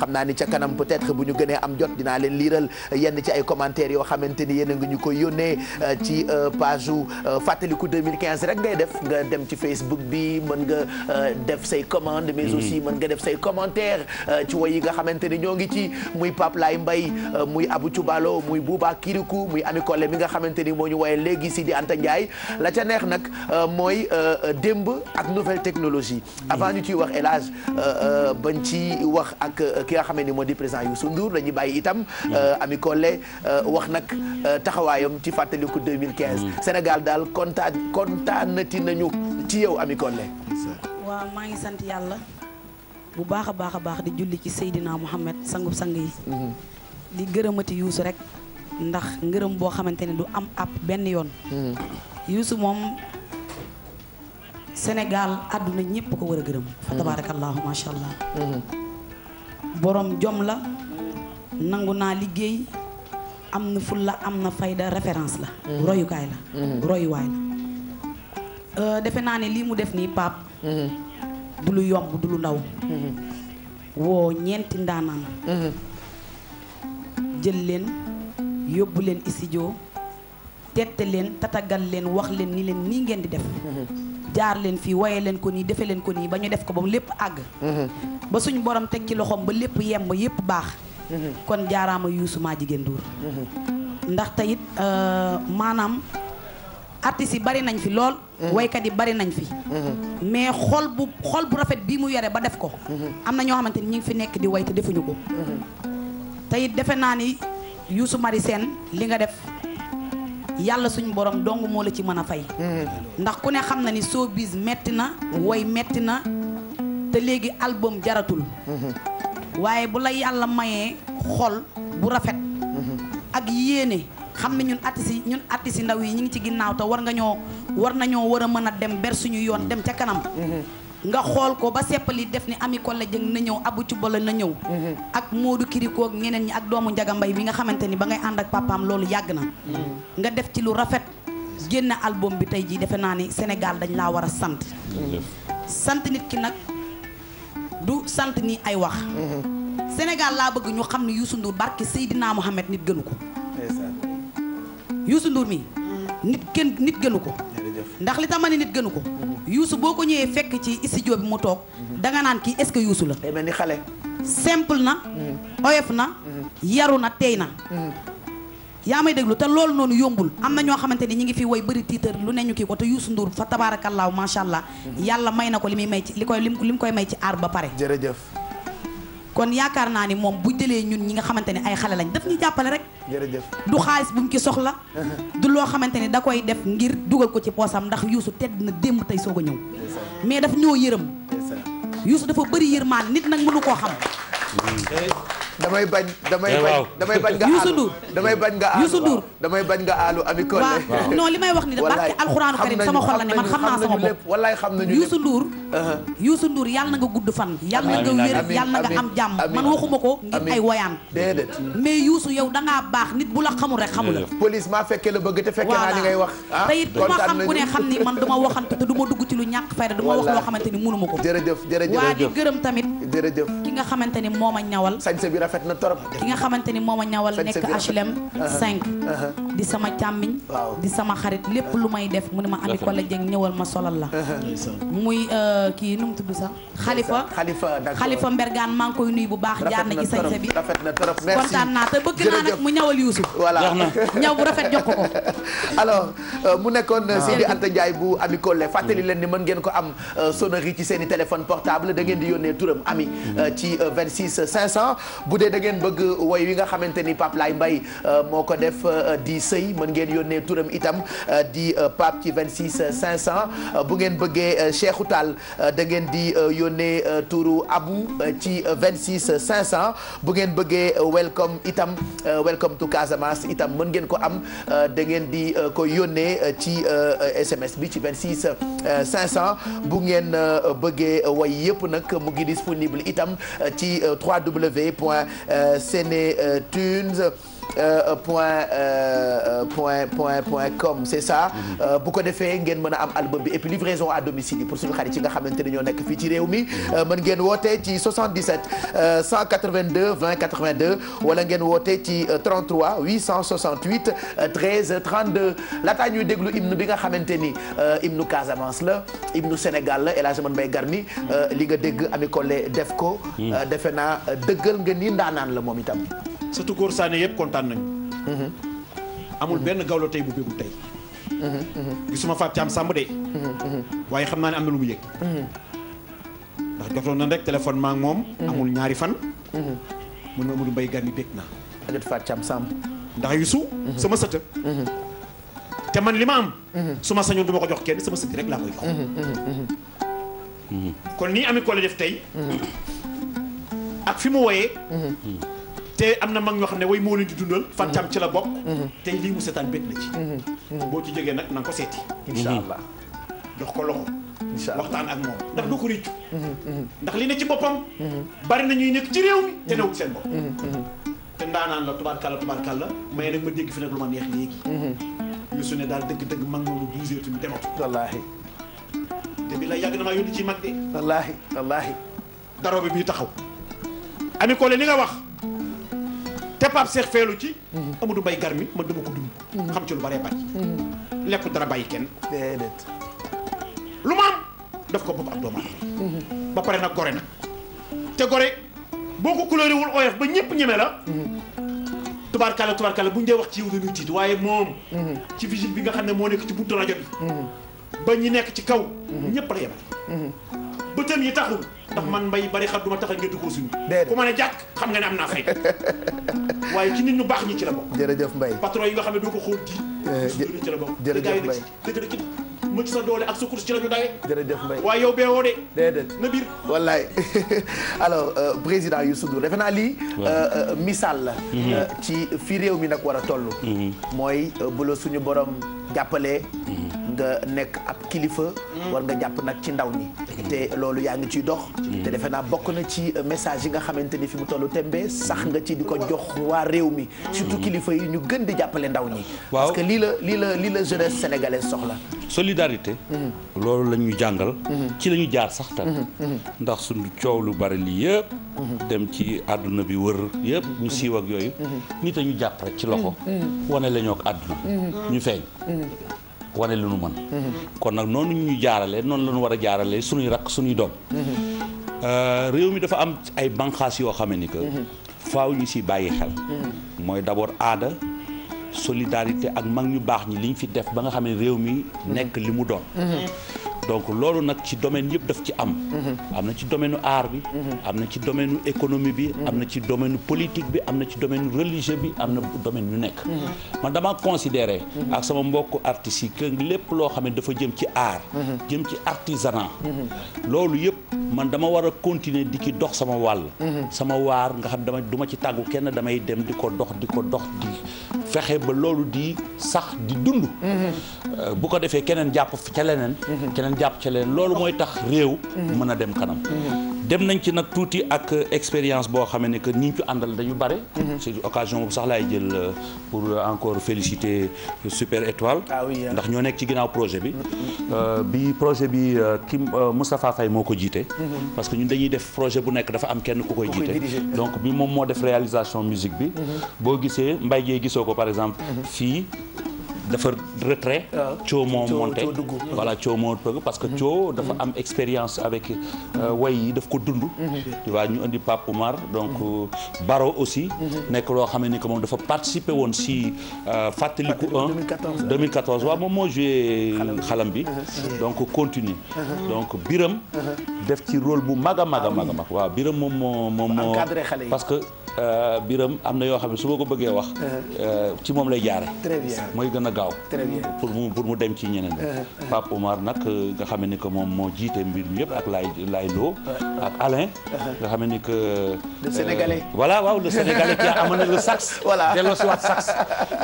xam naa ni ca kanam peut-être bu ñu gënee am jot dinaa leen liiral yenn ci ay commentaires yoo xamante ni na nga ñu koy yónnee euh, ci euh, page u euh, fàttaliku 2015 rek ngay def nga dem ci Facebook bi mën nga def say commande mais mhm. aussi mën nga def say commentaire ci woy yi nga xamante ni ñoo ngi ci muy Pape Laye mbay muy Abou Thioubalo muy Bouba Kirikou muy Ami Collé mi nga xamante ni moo ñu woye léegi si di Anta Ndiaye la ca neex nag mooy démb ak nouvelle technologie avant ñu ciy wax élage bañ ci wax ak ki nga xamante ni moo di président Youssou Ndour dañuy bàyyi itam mhm. Ami Collé wax nag taxawaayam ci fàttaliku 2015. Mm. Sénégal daal kontaan kontaanati nañu ci yow Ami Collé. waaw maa ngi sant yàlla bu baax a baax a baax di julli ci Seydina Mouhamed sangu sang yi. Mm-hmm. di gërëmati yuusu rek ndax ngërëm boo xamante ne du am ab benn yoon. Mm-hmm. yuusu moom Sénégal àdduna ñëpp ko war a gërëm. Mm-hmm. fa tabaarakallaahu macha allah. borom jom la nangu naa liggéey. am na fulla am na fayda référence la mm-hmm. royukaay la mm-hmm. royuwaay la euh, defe naa ne lii mu def nii Pape mm-hmm. du lu yomb du lu ndaw woo ñeenti ndaanaan jël leen yóbbu leen studio tette leen tatagal leen wax leen ni leen nii ngeen di def jaar leen fii waye leen ko nii defe leen ko nii ba ñu def ko ba lépp àgg ba suñu borom teg ci loxoom ba lépp yemb yépp baax kon jaaraama Youssou maa jigéen Ndour ndax tayit euh, maanaam artistes yi bari nañ fi lool waykat yi bari nañ fi mais xol bu xol bu rafet bii mu yore ba def ko am na ñoo xamante ni ñu ngi fi nekk di way te defuñu ko tayit defe naa ni Youssou Marie Sène li nga def yàlla suñu borom dong moo la ci mën a fay ndax ku ne xam na ni showbiz metti na woy metti na te léegi album jaratul waaye bu la yàlla mayee xool bu rafet ak yéene xam ne ñun artistes yi ñun artistes yi ndaw yi ñu ngi ci ginnaaw te war nga ñoo war nañoo war a mën a dem ber suñu yoon dem ca kanam nga xool ko ba seppali def ni Ami Collé Dieng na ñëw Abou Cubala na ñëw ak Modou Kiriko ak ñeneen ñi ak doomu njagambay bi nga xamante ni ba ngay ànd ak papaam loolu yàgg na nga def ci lu rafet génn album bi tey jii defe naa ni Sénégal dañ laa war a sant sant nit ki nag du sant ni ay wax. Sénégal laa bëgg ñu xam ne Youssou Ndour barke Seydina Mohamed nit gënu ko. Youssou Ndour mi nit kenn nit gënu ko. ndax li tax ma ne nit gënu ko. Youssou boo ko ñëwee fekk ci studio bi mu toog. Mhm. danga naan kii est-ce que Youssou la. day mel ni xale. simple na. Mhm. oyof na. Mhm. yaru na tey na. yaa may déglu te loolu noonu yombul am na ñoo xamante ni ñi ngi fi woy bëri tiitar lu ne ñu kii ko te Youssou Ndour fa tabaarakallaahu macha allah mhm. yàlla may na ko li muy may ci li koy li mu koy may ci aar ba pare jërëjëf kon yaakaar naa ni moom bu jëlee ñun ñi nga xamante ne ay xale lañ daf ñu jàppale rek jërëjëf du xaalis bu mu ci soxla du loo xamante ni da koy def ngir dugal ko ci poosam ndax Youssou tedd na démb tey soo ko ñëw mais daf ñoo yërëm Youssou dafa bëri yërmaan nit nag mënu koo xam damay bañ damay eh, bañ damay bañ nga Youssou Ndour damay bañ nga aalu Youssou Ndour damay bañ nga aalu Ami Collé waaw non li may wax ni da barke alxuraanu karim sama xol la ne man xam naa sama bopp wallaay xam nañu Youssou uh-huh. yàlla na nga gudd fan yàlla na nga wér yàlla na nga am jàmm man waxuma ko ngir ay woyaan déedéet mais Youssou yow dangaa baax nit bu la xamul rek xamul la police maa fekkee la bëgg te fekkee naa li ngay wax ah, te it ku ma xam ku ne xam ni man du ma te du dugg ci lu ñàkk fayda du ma wax loo xamante ni mënuma ko jërëjëf jërëjëf waa di gërëm tamit jërëjëf ki nga xamante ni moom a ñawal sañse bi rafet na ki nga xamante ni moom a ñawal nekk HLM 5 di sama càmmiñ di sama xarit lépp lu may def mu ne ma ami ko la jëng ñëwal ma solal la muy euh, kii nu mu tudd sax xalifa xalifa mbergaan maa ngi koy nuyu bu baax jaar na ci sañse bi rafet na torop merci kontaan naa te bëgg naa nag mu ñawal Yuusu voilà bu rafet jox ko ko euh, mu nekkoon euh, ah. Sidi Anta bu ami Collé fàttali leen ni man ngeen ko am sonnerie ci seen i téléphone portable da ngeen di yónnee turam ami ci 26 500 bu dee da ngeen bëgg woy wi nga xamante ni Pape Laye Mbaye euh, moo ko def euh, di sëy mën ngeen yónnee turam itam euh, di Pape ci 26 500 bu ngeen bëggee Cheikhou Tall da ngeen di yónnee turu Abou ci 26 500 bu ngeen bëggee welcome itam welcome to Casamance itam mën ngeen ko am da ngeen di ko yónnee ci SMS bi ci 26 500 bu ngeen bëggee woy yëpp nag mu ngi disponible itam ci 3w Euh, euh, Sene euh, Tunes Euh, point euh, euh, point point point com c'est ça. Mhm. bu ko defee ngeen mën a am album bi et puis livraison à domicile yi pour suñu xarit nga xamante ne ñoo nekk fii ci réew mi mhm. mën ngeen woote ci 77 182 20 82 wala ngeen woote ci 33 868 13 32 laataa ñuy déglu hymne bi nga xamante ni hymne Casamance la hymne Sénégal la El Hadj Mbaye Garmi li nga dégg Ami Collé def ko. Mhm. defe naa dëggal nga ni ndaanaan la moom itam. surtout góor Sané yëpp kontaan nañu. Mhm. amul benn gawlo tey bu bégul tey. Mhm, mhm. gisuma Fap Thiam Samb de. waaye xam naa ne am na lu mu yëg. ndax jotoon na rek téléphone maa ngi moom. amul ñaari fan. mun na Amadou Mbaye Gani bég naa. ak Fap Thiam Samb. ndax te man li ma am. su ma sañoon du ma ko jox kenn sama sët rek laa koy jox. kon nii Ami Collé def tey. ak fi mu wooyee. te am na mag ñoo xam ne way moo leen di dundal fàncaam ci la bokk mm-hmm. tey lii mu seetaan bét ci mm-hmm. boo ci jógee nag na nga ko seeti mm-hmm. incha allah jox ko loxo waxtaan ak moom ndax doo ko réccu ndax li ne ci boppam bari na ñuy nekk ci réew mi te newut seen bopp te ndaanaan la tubaarkàlla tubaarkàlla may nag ma dégg fi nag lu ma neex léegi yu su ne daal dëgg-dëgg mag noonu buuseetuñu dematu wallaahi te bi lay yàgg na maa yónni ci mag de wallaahi wallaahi daroo taxaw ami ko li nga wax te Pape Cheikh feelu ci. Mhm. Amadou Mbaye Garmi ma dama ko dund. Mhm. xam ci lu bëree bari. Mhm. lekk dara bàyyi kenn. lu ma am daf ko bopp ak doomu aadama. ba pare nag gore nag. te gore boo ko couleur wul oyof ba ñëpp ñeme la. tubaarkàlla tubaarkàlla bu ñu dee wax ci yow dañuy tiit waaye moom. ci vigile bi nga xam ne moo nekk ci buntu rajo bi. ba ñi nekk ci kaw. ñëpp la yebal. bëtam yi taxul. ndax man mbay bari xar ma tax a ngeen di ko suñu ku ma ne jàkk xam nga ne am naa fay waaye ci nit ñu baax ñi ci la bokk jërëjëf mbay patron yi nga xam ne doo ko xóot eh, ji suñu ci la bokk jërëjëf mbay ci sa doole ak sa course ci la ñu daye jërëjëf mbay waaye yow bee woo de déedéet na biir wallaay alo euh, président Youssou Ndour defe naa li euh, euh, misaal la mhm. ci fi réew mi nag war a toll mhm. mooy bu suñu borom jàppale mm-hmm. nga nekk ab kilifa mm-hmm. war nga jàpp nag ci ndaw ñi mm-hmm. te loolu yaa ngi ciy dox te defe naa bokk na ci message yi nga xamante ni fi mu tollu tembe sax nga ci di ko jox waa réew mi surtout kilifa yi ñu gën di jàppale ndaw ñi parce que lii la lii la lii la jeunesse sénégalaise soxla solidarité loolu la ñu jàngal ci lañuy jaar sax tam ndax suñu coow lu bari lii yëpp dem ci àdduna bi wër yëpp ñu siiw ak yooyu nit a ñu jàpp ci loxo wane la ñoo ak àdduna ñu feeñ wane lu nu mën kon nag noonu ñu jaarale noonu la war a jaarale suñuy rakk suñuy doom euh, réew mi dafa am ay banqaas yoo xame ni que faaw ñu si bàyyi xel mooy d'abord aada solidarité ak mag ñu baax ñi liñ fi def ba nga xam ne réew mi nekk li mu doon donc loolu nag ci domaine yëpp daf ci am mhm. am na ci domaine art bi mhm. am na ci domaine économie bi mhm. am na ci domaine politique bi am na ci domaine religieux bi am na domaine yu nekk man dama considéré ak sama mbokk artistes yi que lépp loo xam ne dafa jëm ci art jëm ci artisanat loolu yëpp man dama war a continuer di ki dox sama wàll. Mhm. sama waar nga xam dama du ci tàggu kenn damay dem di ko dox di ko dox di fexe ba loolu di sax di dund. Mhm. Euh, bu ko defee keneen jàpp ca leneen. Mhm. keneen jàpp ca leneen loolu mooy tax réew. mën a dem kanam. dem nañ ci nag tuuti ak expérience boo xamee ne que ñi ñu àndal dañu bare. Mhm. c'est occasion bu sax laay jël euh, pour encore féliciter Super Étoile. Ah ndax ñoo nekk ci ginnaaw projet bi. Mhm. Euh, bi projet bi euh, ki Moustapha Faye moo ko jiite. Mhm. parce que ñun dañuy def projet bu nekk dafa am kenn ku koy jiite. donc bi moom moo def réalisation musique bi. boo gisee mbay Dieye gisoo ko par exemple. fii. dafa retrait ah. coo moo monté voilà coo moo tëgg parce que coo mhm. dafa am expérience avec euh, way yi daf ko dund mhm. tu vois ñu indi Pape Oumar donc mhm. euh, Baro aussi nekk loo xam ne ni que moom dafa participer woon si euh, fàttaliku 1 2014 waaw moom moo joué xalam bi donc continue donc Biram def ci rôle bu mag a mag a mag ah waaw Biram moom moo moom moo parce que Euh, biram am na yoo xam ne su ma ko bëggee wax. Euh. Euh, ci moom lay jaare mooy gën a gaaw. très pour mu pour mu dem ci ñeneen ñi. Pape Omar nag nga xam ni que moom moo jiite mbir mi yëpp ak lay lay Lo. ak Alain. nga xam ni que. le sénégalais. voilà waaw le sénégalais qui a amené le sax. voilà delloosiwaat sax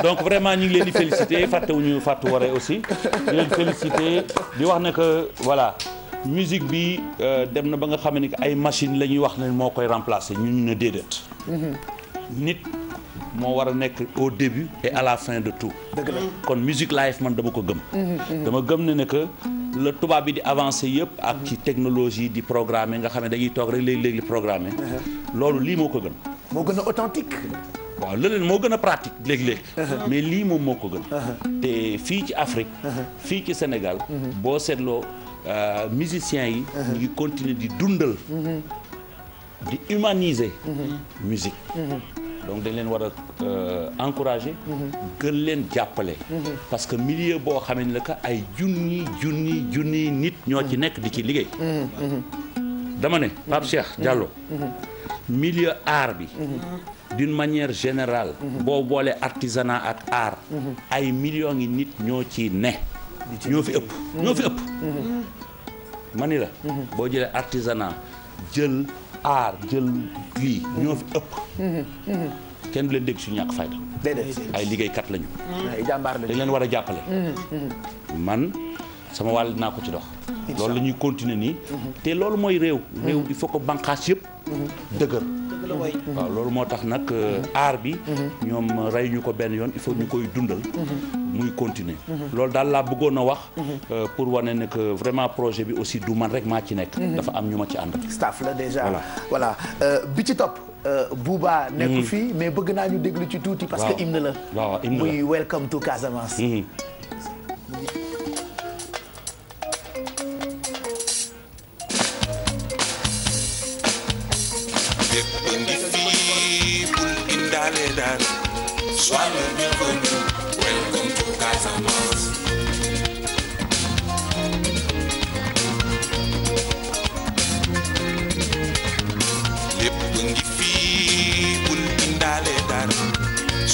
donc vraiment ñu ngi leen di féliciter fàttewuñu fàttu waree aussi ñu leen di féliciter di wax ne que voilà. musique bi euh, dem na ba nga xam ne ay machine la ñuy wax ne moo koy ñu ñun ne déedéet. Mhm. nit moo war a nekk au début et à la fin de tout. dëgg kon musique live man dama ko gëm. Mhm, mhm. dama gëm ne ne que la tubaab bi di avancé yëpp. ak ci technologie di programmer nga xam ne dañuy toog rek léeg-léeg li programmer. loolu lii moo ko gën. moo gën a authentique. waaw leneen moo gën a pratique léeg-léeg. mais lii moom moo ko gën. te fii ci Afrique. fii ci Sénégal. boo Euh, musiciens yi. Uh-huh. ñu ngi continuer di dundal. Uh-huh. di humaniser. Uh-huh. musique. donc dañ leen war a euh, encourager. gën leen jàppale. parce que milieu boo xamee ne que ay junni junni junni nit ñoo ci nekk di ci liggéey. dama ne Pape Cheikh Diallo. milieu art bi. d'une manière générale. boo boolee artisanat ak art. ay millions ngi nit ñoo ci ne. ñoo fi ëpp ñoo fi ëpp ma ni la boo jëlee artisanat jël aar jël lii ñoo fi ëpp kenn du leen dégg su ñàkk fayda ay liggéeykat lañu dañ leen war a jàppale man sama wàll dinaa ko ci dox loolu la ñuy continuer nii te loolu mooy réew réew il faut que banqaas yëpp mhm. dëgër waaw loolu moo tax nag euh, aar bi mhm. ñoom rey ko benn yoon il faut ñu koy dundal mhm. muy continuer mhm. loolu daal laa bëggoon a wax euh, pour wane ne que vraiment projet bi aussi du man rek maa ci nekk dafa am ñu ma ci ànd staff la déjà voilà euh, bi ci topp Bouba nekk fii mais bëgg naa ñu déglu ci tuuti parce que hymne la waaw hymne la muy welcome to Casamance Trinidad. Sois le bienvenu. Welcome to Casamance. lépp ngi fii bul indaale dara.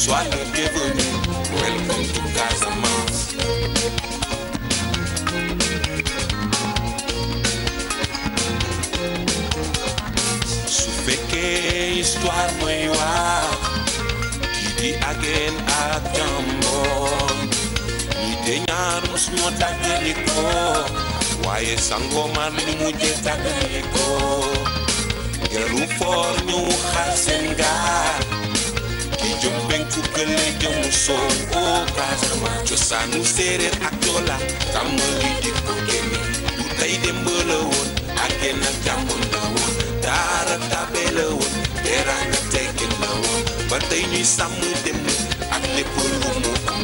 Sois le bienvenu. Welcome to Casamance. su fekkee histoire mooy waa. ngeen ak jàmboor ñi te ñaar mos ñoo tàggalikoo waaye sangoo mar li mujje tàggalikoo ngelu foor ñëw xaar seen gaar ki jëm penku kële jëmu soow oo Casamance ma cosaanu séeréer ak joola tàmmali di ko génne du tey démb la woon ak genn ak jàmbur la woon daara tabe la woon dera nga teg ba tey ñuy sàmm dem ak lépp lu mu am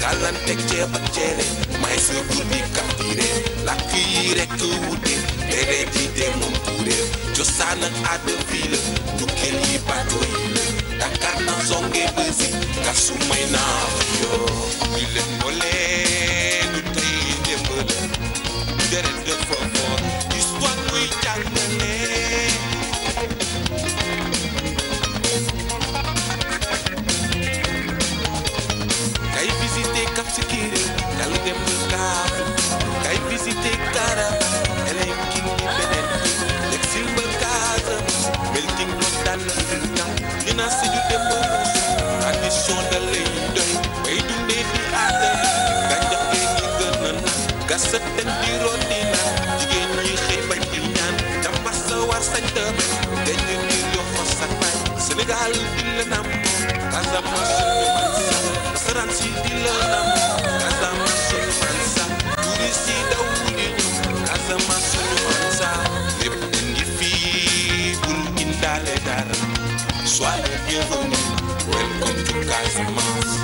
kàllanteeg ceeb ak may sa gur di capturé làkk yi rekk wute tere di demoon tuure cosaan ak aada fii la njukkeel yi bato yi na songe ba si naa yoo di leen boole tey démb la deret dafa menace yu démb tradition da lay doy bay dundee di aada gàncax gi ngi gën a naan gasat dañ di rooti naan jigéen ñi xëy bañ di ñaan jàmbar sa war sañ tëbe dañ di jox sa baay Sénégal di la nam Casamance di man si di la soyez les bienvenus. Welcome to Casamance.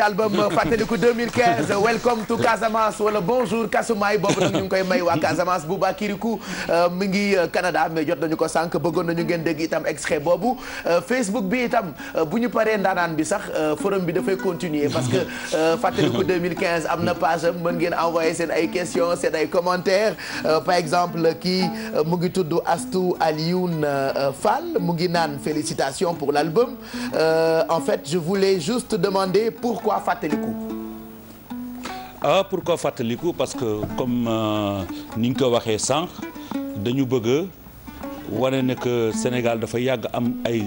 ci album fàttaliku 2015 welcome to Casamance wala bonjour Kasumay boobu nag ñu ngi may waa Casamance Bouba Kirikou euh, ngi euh, Canada mais jot nañu ko sànq bëggoon nañu ngeen dégg itam extrait boobu euh, Facebook bi itam bu ñu paree ndaanaan bi sax forum bi dafay continuer parce que fàttaliku 2015 am na page am mën ngeen envoyer seen ay questions seen ay commentaires par exemple kii mu ngi tudd Astou Alioune Fall mu ngi naan félicitations pour l'album en fait je voulais juste demander pourquoi fàttaliku. ah pourquoi fàttaliku parce que comme euh, ni nga ko waxee sànq dañu bëgg wane ne Sénégal dafa yàgg am ay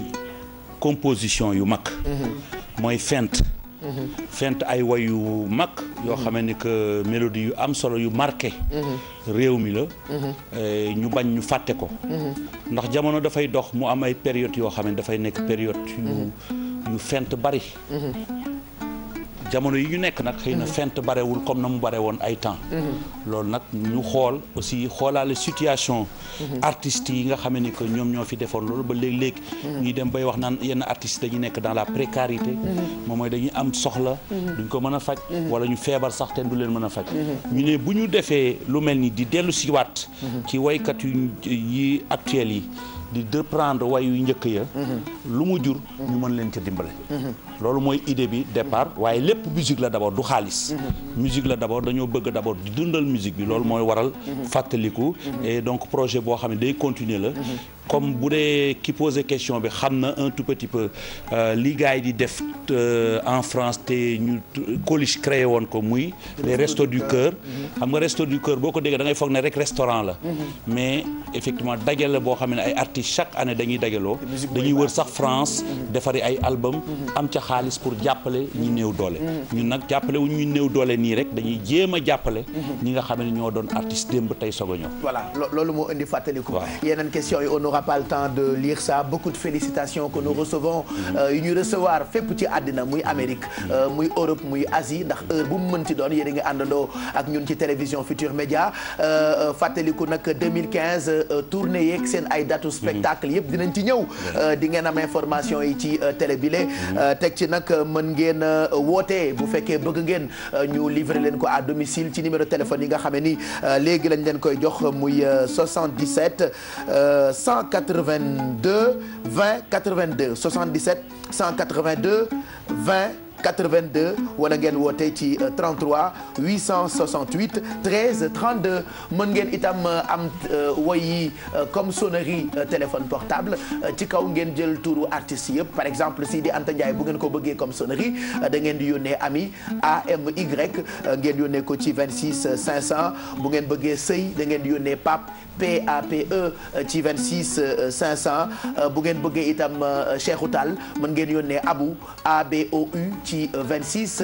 composition yu mag. Mhm. mooy fent. Mhm. fent ay way yu mag. yoo mhm. xam ne que mélodie yu am solo yu marqué. réew mi la. ñu bañ ñu fàtte ko. ndax jamono dafay dox mu am ay période yoo xam ne dafay nekk période yu fent bari. jamono yi ñu nekk nag xëy na mhm. fent barewul comme na mu bare woon ay temps mhm. loolu nag ñu xool aussi xoolaale situation mhm. artistes yi nga xamee ni que ñoom ñoo fi defoon loolu ba léeg-léeg ñuy dem bay wax naan yenn artistes dañuy nekk dans la précarité moom mooy dañuy am soxla duñ ko mën a faj wala ñu feebar sax teen du leen mën a faj ñu ne bu ñu defee lu mel ni di dellu siwaat ci waykat yu yi actuels yi di reprendre way yu njëkk ya lu mu jur ñu mën leen ca dimbale loolu mooy idée bi départ waaye lépp musique la d'abord du xaalis musique la d'abord dañoo bëgg d'abord di dundal musique bi loolu mooy waral fàttaliku et donc projet boo xam ne day continuer la comme bu dee ki posé question bi xam na un tout petit peu euh, li gars yi di def euh, en France te ñu coliche créé woon ko muy les restos xam nga resto boo ko déggee da ngay foog ne rek restaurant la mais effectivement dajale la boo xam ne ay artistes chaque année dañuy dajaloo dañuy wër sax France defari ay album am ca xaalis pour jàppale ñi néew doole ñu nag jàppale ñu néew doole nii rek dañuy jéem a jàppale ñi nga xam ne ñoo doon artiste démb tey soog a ñëw voilà loolu moo n'aura pas le temps de lire ça beaucoup de félicitations que nous recevons euh, yu recevoir fépp ci àddina muy Amérique euh, muy Europe muy Asie ndax heure bu mu mën ci doon yéen a ngi àndandoo ak ñun ci télévision Futur Média euh, fàttaliku nag 2015 tournée yeeg seen ay datu spectacle yëpp dinañ ci ñëw di ngeen am information yi ci télé bi teg ci nag mën ngeen woote bu fekkee bëgg ngeen ñu livrer leen ko à domicile ci numéro téléphone yi nga xam ne ni léegi lañ leen koy jox muy 77 100 182 20 82 77 182 20 82 wala ngeen woote ci 33 868 13 32 mën ngeen itam euh, am euh, woy yi euh, comme sonnerie téléphone portable ci kaw ngeen jël tuuru artistes yëpp par exemple di Anta Ndiaye bu ngeen ko bëggee comme sonnerie dangeen di yónnee ami AMY ngeen yónnee ko ci 26 500 bu ngeen bëggee sëy da ngeen di yónnee Pape PAPE euh, ci 26 500 euh, euh, bu ngeen bëggee itam Cheikhou Tall mën ngeen yónnee Abou ABOU ci 26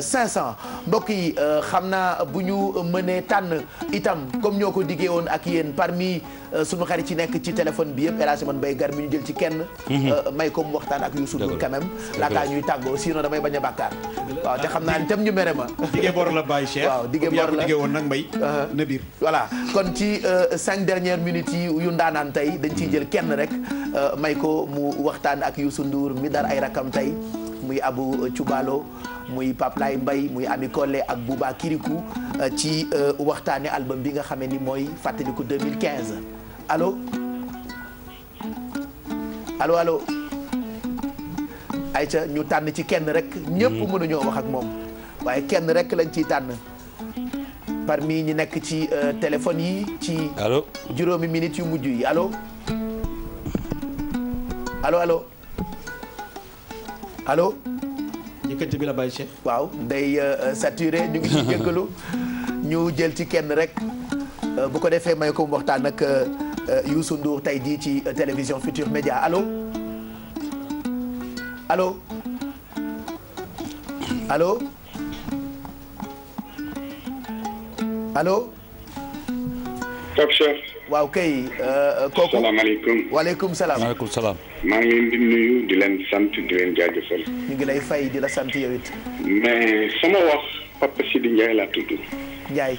500 mbokk yi xam naa bu ñu mënee tànn itam comme ñoo ko diggee woon ak yéen parmi. Euh, sunu xarit ci nekk ci téléphone bi yëpp El Hadj Man Mbaye Gar mi ñu jël ci kenn. Mhm. Euh, may ko mu waxtaan ak Youssou Ndour quand même. laataa ñuy tàggoo sinon damay bañ a bàkkaar. waaw te xam naa ni tam ñu mere ma. dige bor la Baye Cheikh. waaw dige la dige woon nag Mbaye. Euh, na voilà kon ci cinq dernières minutes yi yu ndaanaan tey dañ ciy jël kenn rek may ko mu waxtaan ak Youssou Ndour mi dar ay rakam tey muy Abou Thioubalo. muy Pape Laye Mbaye muy Ami Collé ak Bouba Kirikou ci waxtaane album bi nga xamee ni mooy fàttaliku 2015 alo alo allo ayca ñu tànn ci kenn rek ñëpp mm-hmm. mënuñoo wax ak moom waaye kenn rek lañ ciy tànn parmi ñi nekk ci euh, téléphone yi ci allo juróomi minutes yu mujj yi alo alo alo alo yëkkati bi la waaw day euh, euh, saturé ñu ngi ci jéggalu ñu jël ci kenn rek bu ko defee may ko waxtaan ak Euh, Youssou Ndour tey jii ci télévision Futur Média allo allo allo allo. Top Chef. waaw kay. Euh, euh, kooku salaamaaleykum. waaleykum salaam. waaleykum salaam. maa ngi leen di nuyu di leen sant di leen jaajëfal. ñu ngi lay fay di la sant yow it. mais sama wax. Papa Sidi Ndiaye laa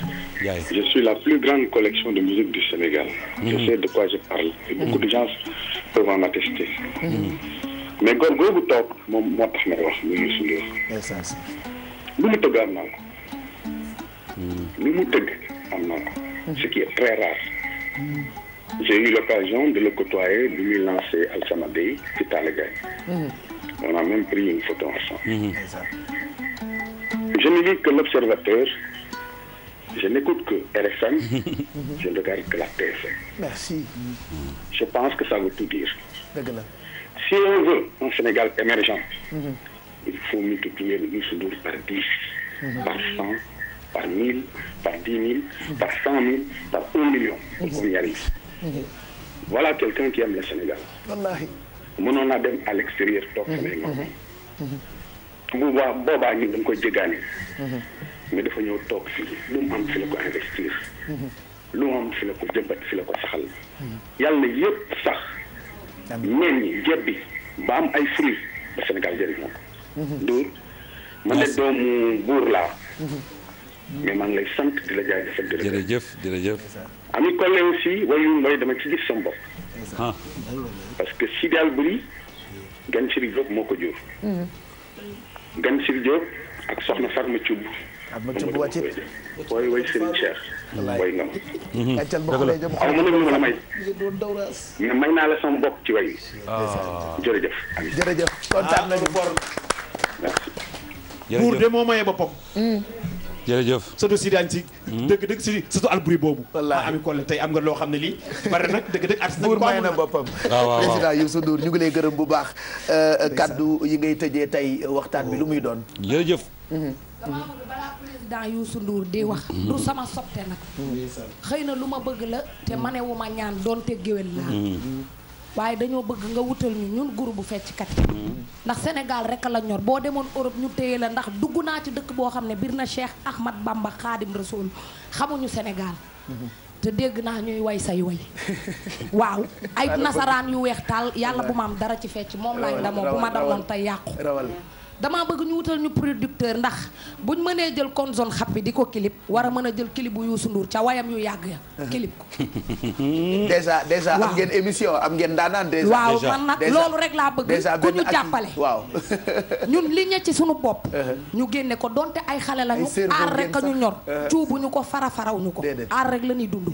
je suis la plus grande collection de musique du Sénégal. Mmh. je mhm. sais de quoi je parle. et beaucoup de mhm. gens peuvent attester. Mhm. mais góor googu toog moom moo tax may wax muy Youssou Ndour. essence. lu mu tëgg am naa ko. ce qui est très rare. j'ai eu l'occasion de le côtoyer bi muy lancé Al Samadé ci Talla Gaye. on a même pris une photo ensemble. Je ne lis que l'Observateur, je n'écoute que RFM, je ne regarde que la tf Je pense que ça veut tout dire. Si on veut un Sénégal émergent, mhm. il faut multiplier le Youssoudour par 10, mm -hmm. par 100, par 1000, par mhm. par par 1 million mhm. pour qu'on Voilà quelqu'un qui aime le Sénégal. Mon on à l'extérieur, bu baax boobaa ñun dañ koy jéggaane. mais dafa ñëw toog fii lu mu am fi la ko investir. lu mu am fi la ko jëmbat fi la ko saxal. yàlla yëpp sax. meññ jebbi ba am ay fruits ba Sénégal jëriñoo ko. Ndour man de doomu buur laa. Mhm. mais maa lay sant di la jaajëfal di la. jërëjëf jërëjëf. ami collé aussi wayu wayu dama ci gis sama ah. parce que Sidi Alboury Gan Siri Diop moo ko jur. Mhm. Gan Sil Diop ak soxna Fatma Thioub. Fatma Thioub wàccit mooy way Serigne Cheikh. wallaay nga ma. gàncax boo xam la may. may naa la sama bopp ci way ah. jërëjëf. jërëjëf kontaan nañu bor. jërëjëf buur de moo maye boppam. Hmm. jërëjëf sa dossier daañu ci dëgg dëgg si surtout Alboury hmm? boobu wallaahi Ami Collé tey am nga loo xam ne lii bari nag dëgg dëgg artiste buur may na boppam président Youssou Ndour ñu ngi lay gërëm bu baax euh, kàddu yi ngay tëjee tey waxtaan bi lu muy doon jërëjëf mhm. damaa bëgg balaa président Youssou Ndour di wax mhm. du sama soppe nag xëy na lu ma bëgg la te mhm. manewuma ñaan te géwél laa waaye dañoo bëgg nga wutal ñu ñun groupe bu fecckat yi ndax Sénégal rek la ñor boo demoon Europe ñu téye la ndax dugg naa ci dëkk boo xam ne bir na Cheikh Ahmad Bamba Xaadim Rasul xamuñu senegaal te dégg naa ñuy woy say way waaw ay nasaraan yu weex taal yàlla bu ma am dara ci fecc moom laay ndamoo bu ma damoon tey yàqu damaa bëgg ñu wutal ñu producteur ndax buñ mënee jël Konzon Happy di ko clip war a mën a jël clip bu Youssou ca wayam yu yàgg ya clip ko déjà déjà am ngeen émission am ngeen daanaan déjà waaw man nag loolu rek laa bëgg ku ñu jàppale waaw ñun li ñe ci suñu bopp uh-huh. ñu génne ko donte ay xale lañu aar rek a ñu ñor uh-huh. cuubu ñu ko fara faraw ñu ko aar rek la ñuy dund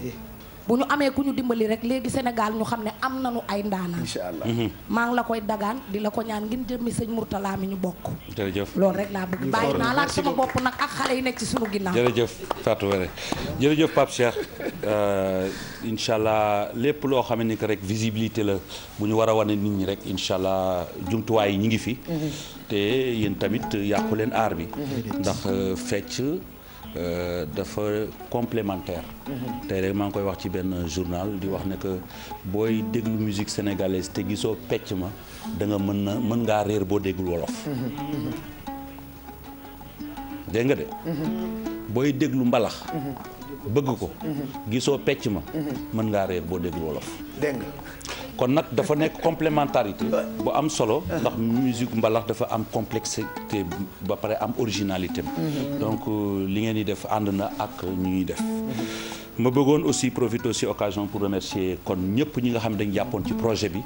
bu ñu amee ku ñu dimbali rek léegi Sénégal ñu xam ne am nañu ay ndaanaan incha allah mhm. maa ngi la koy dagaan di la ko ñaan ngir jëmmi sëñ Mourtala mi ñu bokk jërëjëf loolu rek laa bëgg bàyyi naa laaj sama bopp nag ak xale yi nekk ci sunu ginnaaw jëf Fatou Wéré jërëjëf Pape Cheikh euh, incha allah lépp loo xam ne que rek visibilité la bu ñu war a wane nit ñi rek incha allah jumtuwaay yi ñu ngi fi mhm. te yéen tamit yàqu leen aar bi mhm. ndax euh, fecc Euh, dafa complémentaire. Mhm. tey rek maa ngi koy wax ci benn journal di wax ne que booy déglu musique sénégalaise te gisoo pecc ma da mën na mën ngaa réer boo déggul wolof. Mhm. Mhm. dégg nga de. booy déglu mbalax. bëgg ko. gisoo pecc ma. mën ngaa réer boo déggul wolof. dégg kon nag dafa nekk complémentarité bu am solo ndax musique mbalax dafa am complexité ba pare am originalité donc euh, li ngeen di def ànd na ak ñuy def ma bëggoon aussi profiter aussi occasion pour remercier kon ñëpp ñi nga xam dañ jàppoon ci projet bi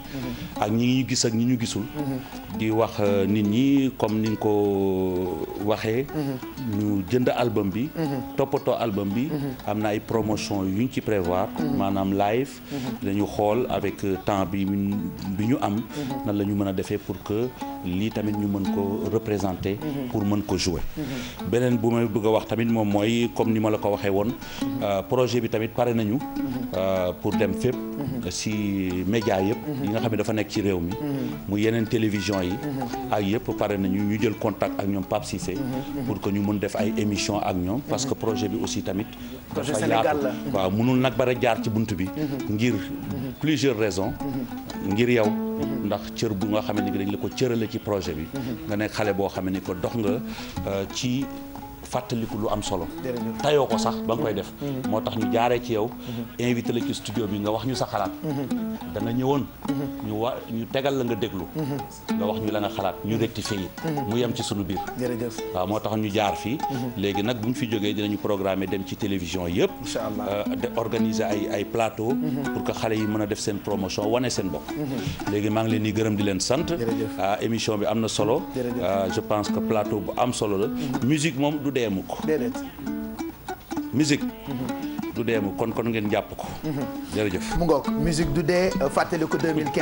ak ñi ñu gis ak ñi ñu gisul di wax euh, nit ñi comme ni nga ko euh, waxee ñu jënd album bi toppatoo album bi am na ay promotion yu ñu ci prévoir maanaam live dañu xool xool avec euh, temps bi bi ñu am mm-hmm. nan la ñu mën a defee pour que lii tamit ñu mën ko représenter mm-hmm. pour mën ko jouer mm-hmm. beneen bu may bëgg wax tamit moom mooy comme ni ma la ko waxee woon euh, projet bi tamit pare nañu euh, pour dem fépp si média yëpp yi nga xam ne dafa nekk ci réew mi mu yeneen télévision yi ak yëpp pare nañu ñu jël contact ak ñoom Pape Cissé pour que ñu mën def ay émission ak ñoom parce que projet bi aussi tamit dafa waaw mënul nag bara jaar ci bunt bi ngir plusieurs raisons ngir yow ndax cër bu nga xam ne dañ la ko cërale ci projet bi nga nekk xale boo xam ne ko dox nga euh, ci fàttaliku lu am solo tayoo ko sax ba nga koy def mhm. moo tax ñu jaaree ci yow mhm. invité la ci studio bi nga wax ñu sa xalaat mhm. da ñëwoon ñu wa ñu tegal la nga déglu nga wax ñu la nga xalaat ñu rectifié yi mu yem ci suñu biir jërëjëf waaw moo tax ñu jaar fii léegi nag bu ñu fi jógee dinañu programmer dem ci télévision yëpp euh, de organiser ay ay plateau pour que xale yi mën a def seen promotion wane seen bopp léegi maa ngi leen di gërëm di leen sant ah, émission bi am na solo ah, je pense que plateau bu am solo la dee mukk déedéet musique mm-hmm. du dee mukk kon kon ngeen jàpp ko mm-hmm. jërëjëf mu ngoog musique du dee fàttali ko 2015